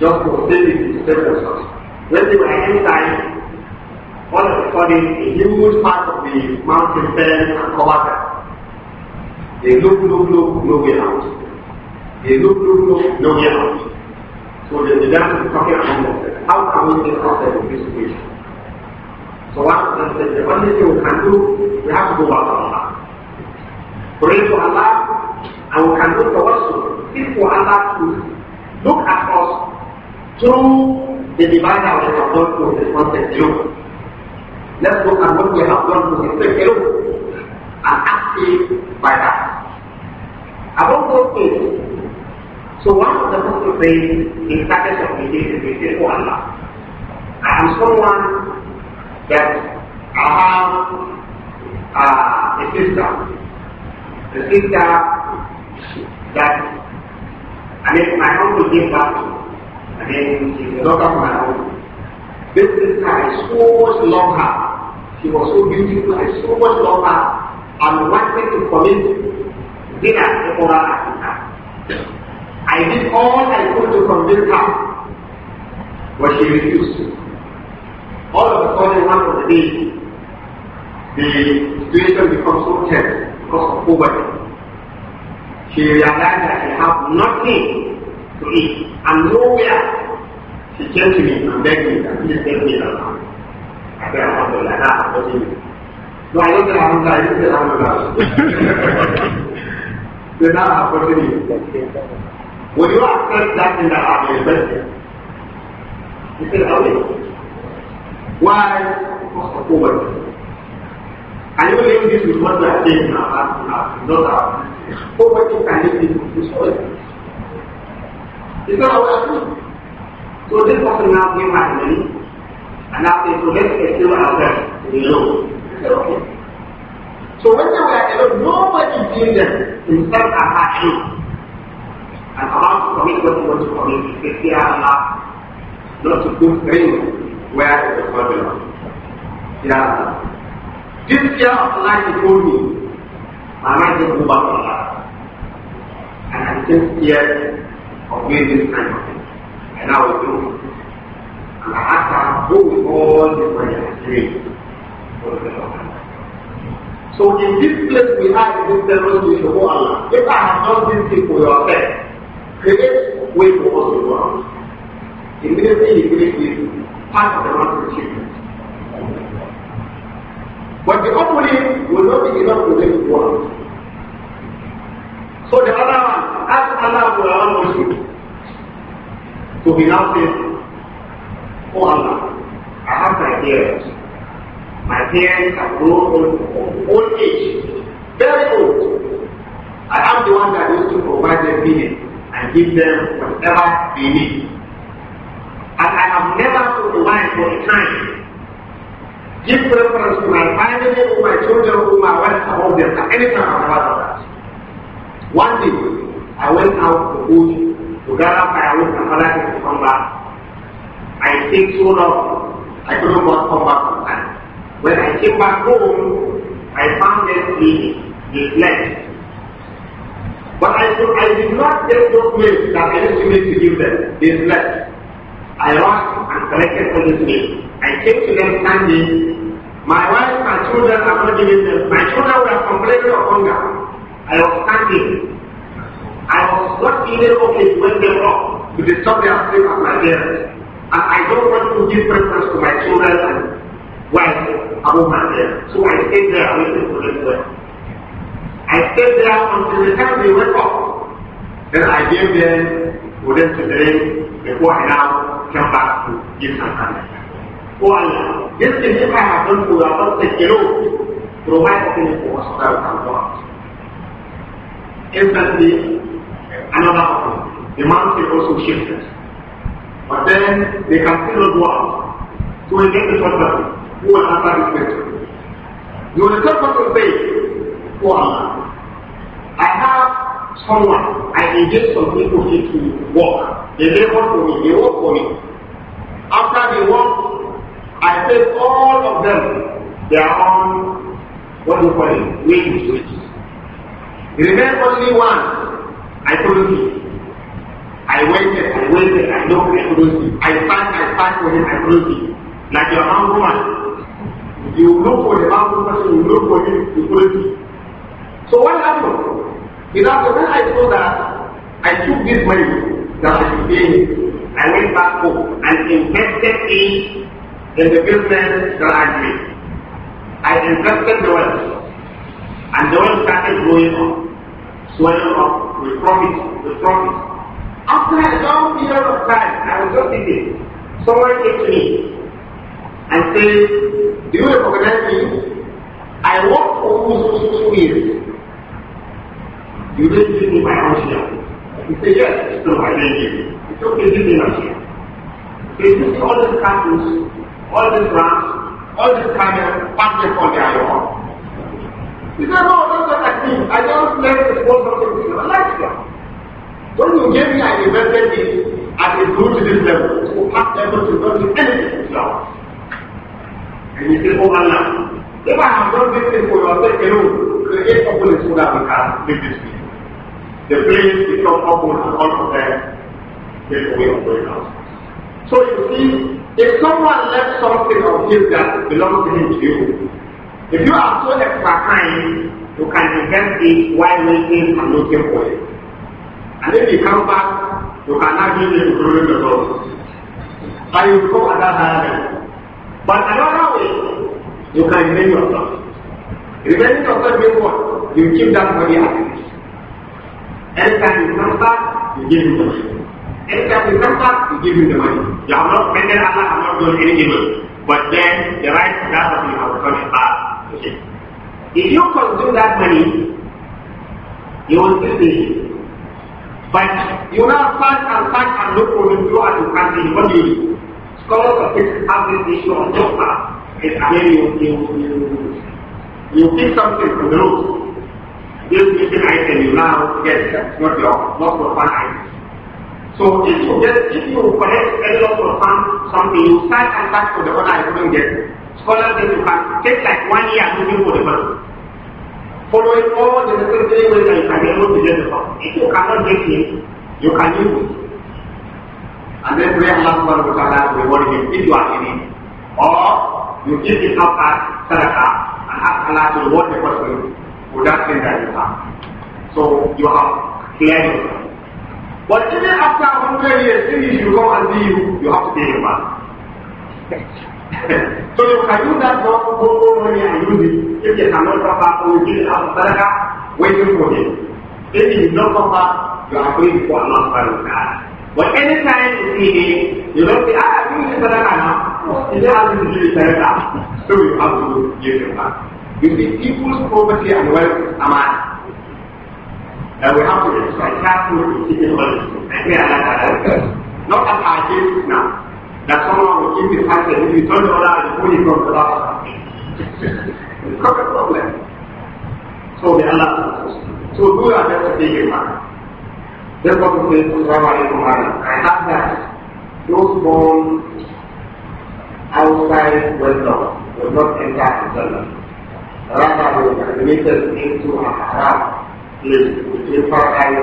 just to save themselves. Let you emphasize what is causing a huge part of the mountain fell and covered them. They look, look, look, no way out. They look, look, look, no way out. So the began is talking among themselves. How can we get out of this situation? So one of them said, the only thing we can do, we have to go back to Allah. Pray to Allah, and we can do for us. If Allah to look at us through thì anh muốn بالمعنى والتفضل والتفضل لابد أن نبني أفضل يفكروا عن أحسن بعدها Above those things, so one is supposed to pray in status of meditation to Allah. I am someone that I have uh, a sister, a sister that I mean I want to give back to. I mean, not come from my home. This, is guy, so much long hair. was so beautiful and so much long And wanted to commit dinner in oral Africa. I did all I could to convince her, but she refused. All of a sudden, one of the days, the situation becomes so tense because of poverty. She realized that she had nothing to eat. And nowhere she came to me and begged me that please take me down. I said, Alhamdulillah, now I'm watching you. No, I don't say Alhamdulillah, I didn't say Alhamdulillah. so now I'm you. Would you accept that in the I've He said, I Why? Because of poverty. And you if this is what we are saying now, uh, not our uh, poverty can lead people to destroy. It's not food. So this person now gave my money, and now they protest against ourselves. We know. I said, okay. So when they were alone, nobody gave them himself a hard And about to commit what he want to commit, If they are Allah, not to put things where it was not belong. Fear This fear of Allah, he told me, my mind is over from Allah. And I became scared of this kind of thing. And I will do it. And I go with all the money I pray for the Lord. So in this place we have this ceremony the whole Allah. If I have done this thing for yourself, create a way for us to go out. Immediately he creates this part of the mountain achievement. But the offering will not be enough to them to go out. So the other one, as Allah will allow us to. be he Oh Allah, I have my parents. My parents are grown old, old age, very old. I am the one that used to provide them meaning and give them whatever they need. And I have never to rely for a time give preference to my family or my children or my wife above them at any time about that. One day, I went out to bush to gather firewood and collect things to come back. I think so long, I couldn't but come back on time. When I came back home, I found them sleeping. They But I, could, I did not get those meals that I used to make to give them. They slept. I lost and collected all these meals. I came to them standing. My wife and children are not giving them. My children were complaining of hunger. I was standing. I And what evil is when they walk to disturb their sleep and my parents. And I don't want to give preference to my children and wife above my parents. So I stayed there waiting for them well. I stayed there until the time they wake up. Then I gave them for them to drink before I now come back to give some time. Oh Allah, this thing if I have done for your birthday, you know, provide for me for us that we can out. Instantly, another person. The man can also shifted, it. But then they can still not go out. So we get the third person who will answer this question. You will third person say, Oh I have someone, I engage some people to work. They labor for me, they work for me. After they work, I pay all of them They are on what do you call it, wages. Remain only one I couldn't see. I waited, I waited, I looked, I couldn't see. I sat, I sat for him, I couldn't see. Like your humble man. You look for the humble person, you look for him, you couldn't see. So what happened? Is that when I saw that, I took this money that I should pay I went back home and invested it in the business that I made. I invested the wealth. And the wealth started growing up, swelling up, the promise, the promise. After a long period of time, I was just thinking, someone came to me and said, do you recognize me? I walked for almost two years. You didn't give me my own share. He said, yes, no, I didn't It's okay, give me my share. They use all these cattle, all these rams, all these cattle, pack them for their own. He said, no, do not at me. I don't let the small something to you. I like that. When you gave me, I invested in and it grew to this level. To that level to not do anything now. And he said, oh Allah, if I have done this thing for yourself alone, create open so that we can make this thing. The place become open and all of them get away of going out. So you see, if someone left something of his that belongs to him to you, if you are so extra you can prevent it while waiting and looking for it. And if you come back, you can give him during the road. But you go another way. But another way, you can invent yourself. Remaining yourself means what? You keep that money active. Anytime you come back, you give him the money. Anytime you come back, you give him the money. You have not offended Allah, have not done any evil. But then the right that of you come back. If you consume that money, you will still be here. But you now search and search and look for the him throughout the country. What do you do? Scholars of it have this issue on your part. It's again you, you, you, you pick something from the road, This missing item you now get, that's not your, not your fun item. So if you get, if you collect any loss of fun, something, you search and start for the one I couldn't get scholars they you can take like one year looking for the man. Following all the necessary ways that you can be able to get the man. If you cannot get it, you can use it. And then pray Allah subhanahu wa ta'ala to reward him if you are in it. Or you give it up as sadaqah and ask Allah to reward the person who does thing that you have. So you have cleared yourself. But even after 100 years, if you go and leave, you, have to pay your man. so you can use that one to go money and use it. If they cannot come back, we give it out sadaka, waiting for him. If he does not come back, you are going for Allah subhanahu wa ta'ala. But anytime you see him, you don't say, ah, I'm giving sadaka now. He doesn't have to give sadaka. So you have to give him back. You see, people's property and wealth is amana. And we have to be careful in keeping all this. And here I am. Not as our Jesus now. da kama wa kimi hasa ni ton da wala da kuni ko da ko ka problem so bi Allah so dura da ta yi ma da ko ko ne ko rawa ne ko hana i have that those born outside window will not enter the jannah rather will be admitted into a haram place between paradise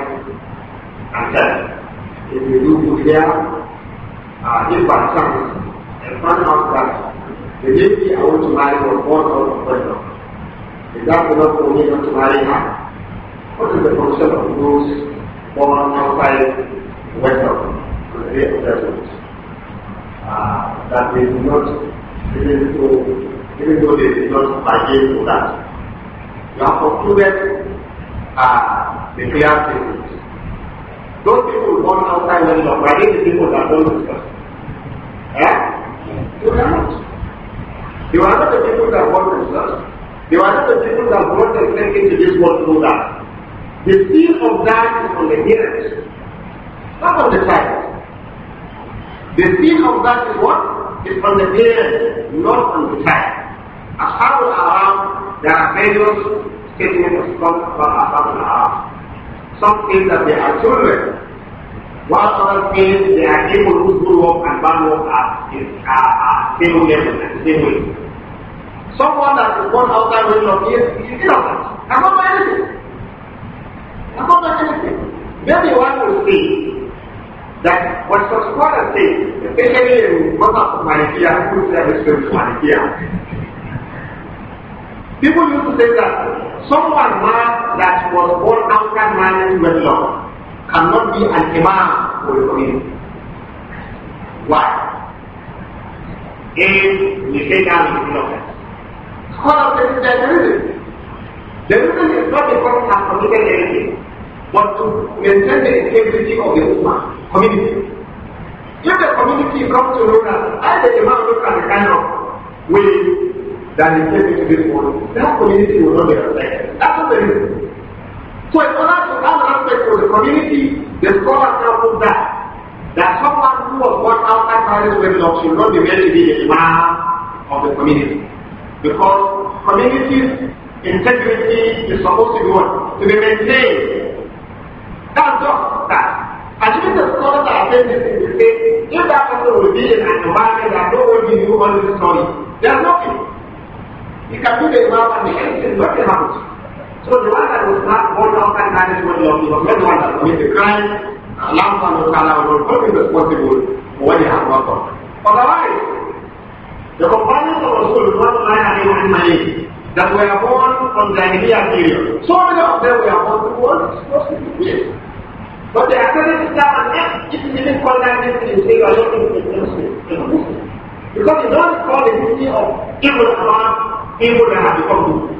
and hell if you do good here uh, impact comes and find out that the lady I want to marry was born out of wedlock. Is that enough for me not to marry her? What is the function of those born outside wedlock to the day of judgment? Uh, that they do not, even though, even though they did not bargain for that. You have concluded uh, the clear statement. Those people born outside wedlock, are they the people that don't discuss? Eh? You cannot. You are not the people that want this, You are not the people that want hold themselves into this world through that. The seal of that is on the hearers, not on the time. The seal of that is what? It's on the hearers, not on the sight. Ashab al-Arab, there are various statements of scholars about Ashab al-Arab. Some say that they are children one person thinks they are able to do work and bad work are at the same level, at the same way. Someone that is born outside religion is innocent. Cannot do anything. Cannot do anything. Maybe one will see that what some scholars say, especially in one of Manichaea, who service to Manichaea, People used to say that someone mad that was born outside man marriage wedlock cannot be an imam for your community. Why? In the say now we know Scholars say that there is The reason is not because we have committed anything, but to maintain the integrity of the Ummah, community. If the community comes to know that I the Imam look at the kind of way that is taken to this world, that community will not be respected. That's what the reason. So in order to have aspect of the community, the scholar now put that. That someone who was born outside marriage wedlock should not be married to be the imam of the community. Because community's integrity is supposed to be what? To be maintained. That's just that. And even the scholars are saying this thing, they say, if that person will be in an environment that no one will you all this story, there's nothing. You can do the imam and the anything, nothing happens. So the one that was not born outside marriage was he was not the one that committed the crime. The last one was will not be responsible for what he had worked on. Otherwise, the companions of Rasul Sallallahu Alaihi Wasallam that were born from the idea. period, so many of them were born to work, but they accepted Islam and yet if you didn't call that Muslim, you say you are not a Muslim. Because you don't call the beauty of evil Allah, evil that have become good.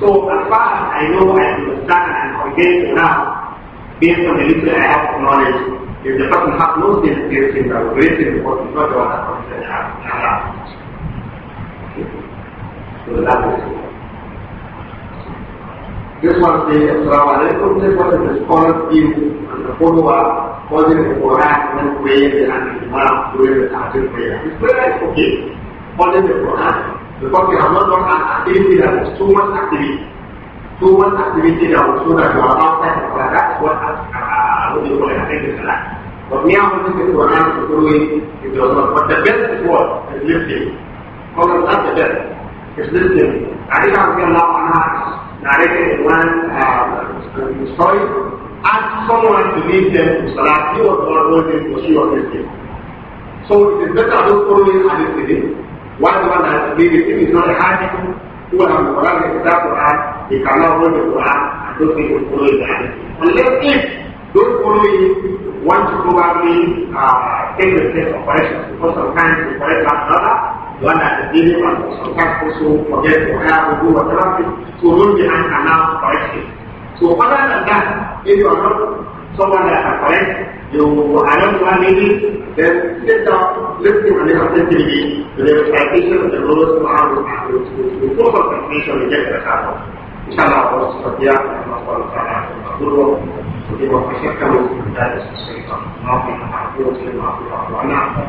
So as far as I know and understand and ordained to now, based on the little I have of knowledge, if the person has no sin against him, that grace is important, not the one that concerns Allah. So that is This one says, Assalamu alaikum, this is the s c h o l a r view and the follower holding the Quran when we a y i n d the Imam doing the t a h a j j u prayer. His prayer i okay, holding the Quran. Because you have not done activity too much activity. Too much activity that was so that you are outside of that. That's what uh, uh, what you call it, I think But me, I'm to an answer to it, does not. But the best is what? Is listening. Because that's the best. It's listening. I think I'm going to narrated in one uh, uh story. Ask someone to lead them to Salah. He was not one to So it is better to follow his and one man has believed it. If it's not a hadith, who has memorized the Quran, he cannot hold the Quran and those people follow the Unless if those following one to probably uh, take the same operation, because sometimes they correct one another, one that is giving one sometimes also forget to have to do whatever. So don't be and now correct it. So other than that, if you are not someone that can correct, لو عملنا ميدي كان لسه لسه عليها تنتج ايه؟ الابلكيشن الرولز مع الفرصه الابلكيشن اللي جايه بتاعها ان شاء الله على وصفه دي احنا نصل على الدور ودي وشكرا للمدرس الشيطان اللهم معفوظ للمعفوظ وانا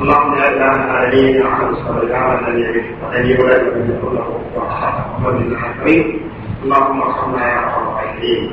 اللهم لا اله الا علي احد الصبر على الذي علي ولا يكون له كفوا احد ومن الحكيم اللهم ارحمنا يا رب العالمين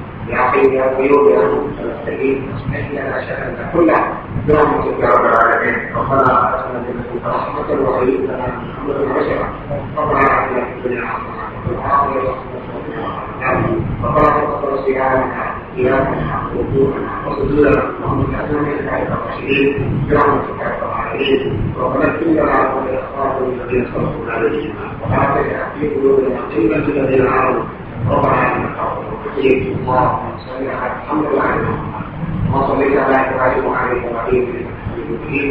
يعطينا ويوبنا المستقيم أجلنا شأننا كلها برحمتك يا رب العالمين ربنا أتنا بمثلك رحمة وخيرنا محمد البشر ربنا أعطنا في الدنيا حسنة وفي الآخرة حسنة ربنا تقبل صيامنا قيامنا وقومنا وصدورنا وهم يحزنون من الحياة الراشدين برحمتك يا رب العالمين ربنا اغفر لنا ولإخواننا الذين صدقوا عليهم ولا في قلوبنا غلا للذين آمنوا เ็ราาเขาเรียกมอใช่ไหมครับทำงานมอสมัยจะไดไปดูอะไรก็ไอยูที่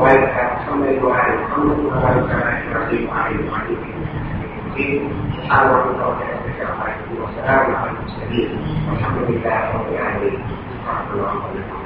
ไว้ครับทำไนดอะไรทำใดอะไรก็ไดไรดูอะไรก็ไดูที่อารมณ์เราจะไปกับไปดูสร้างเาเะดีทำในแบบมองงานนี้ความทำอนขอะไร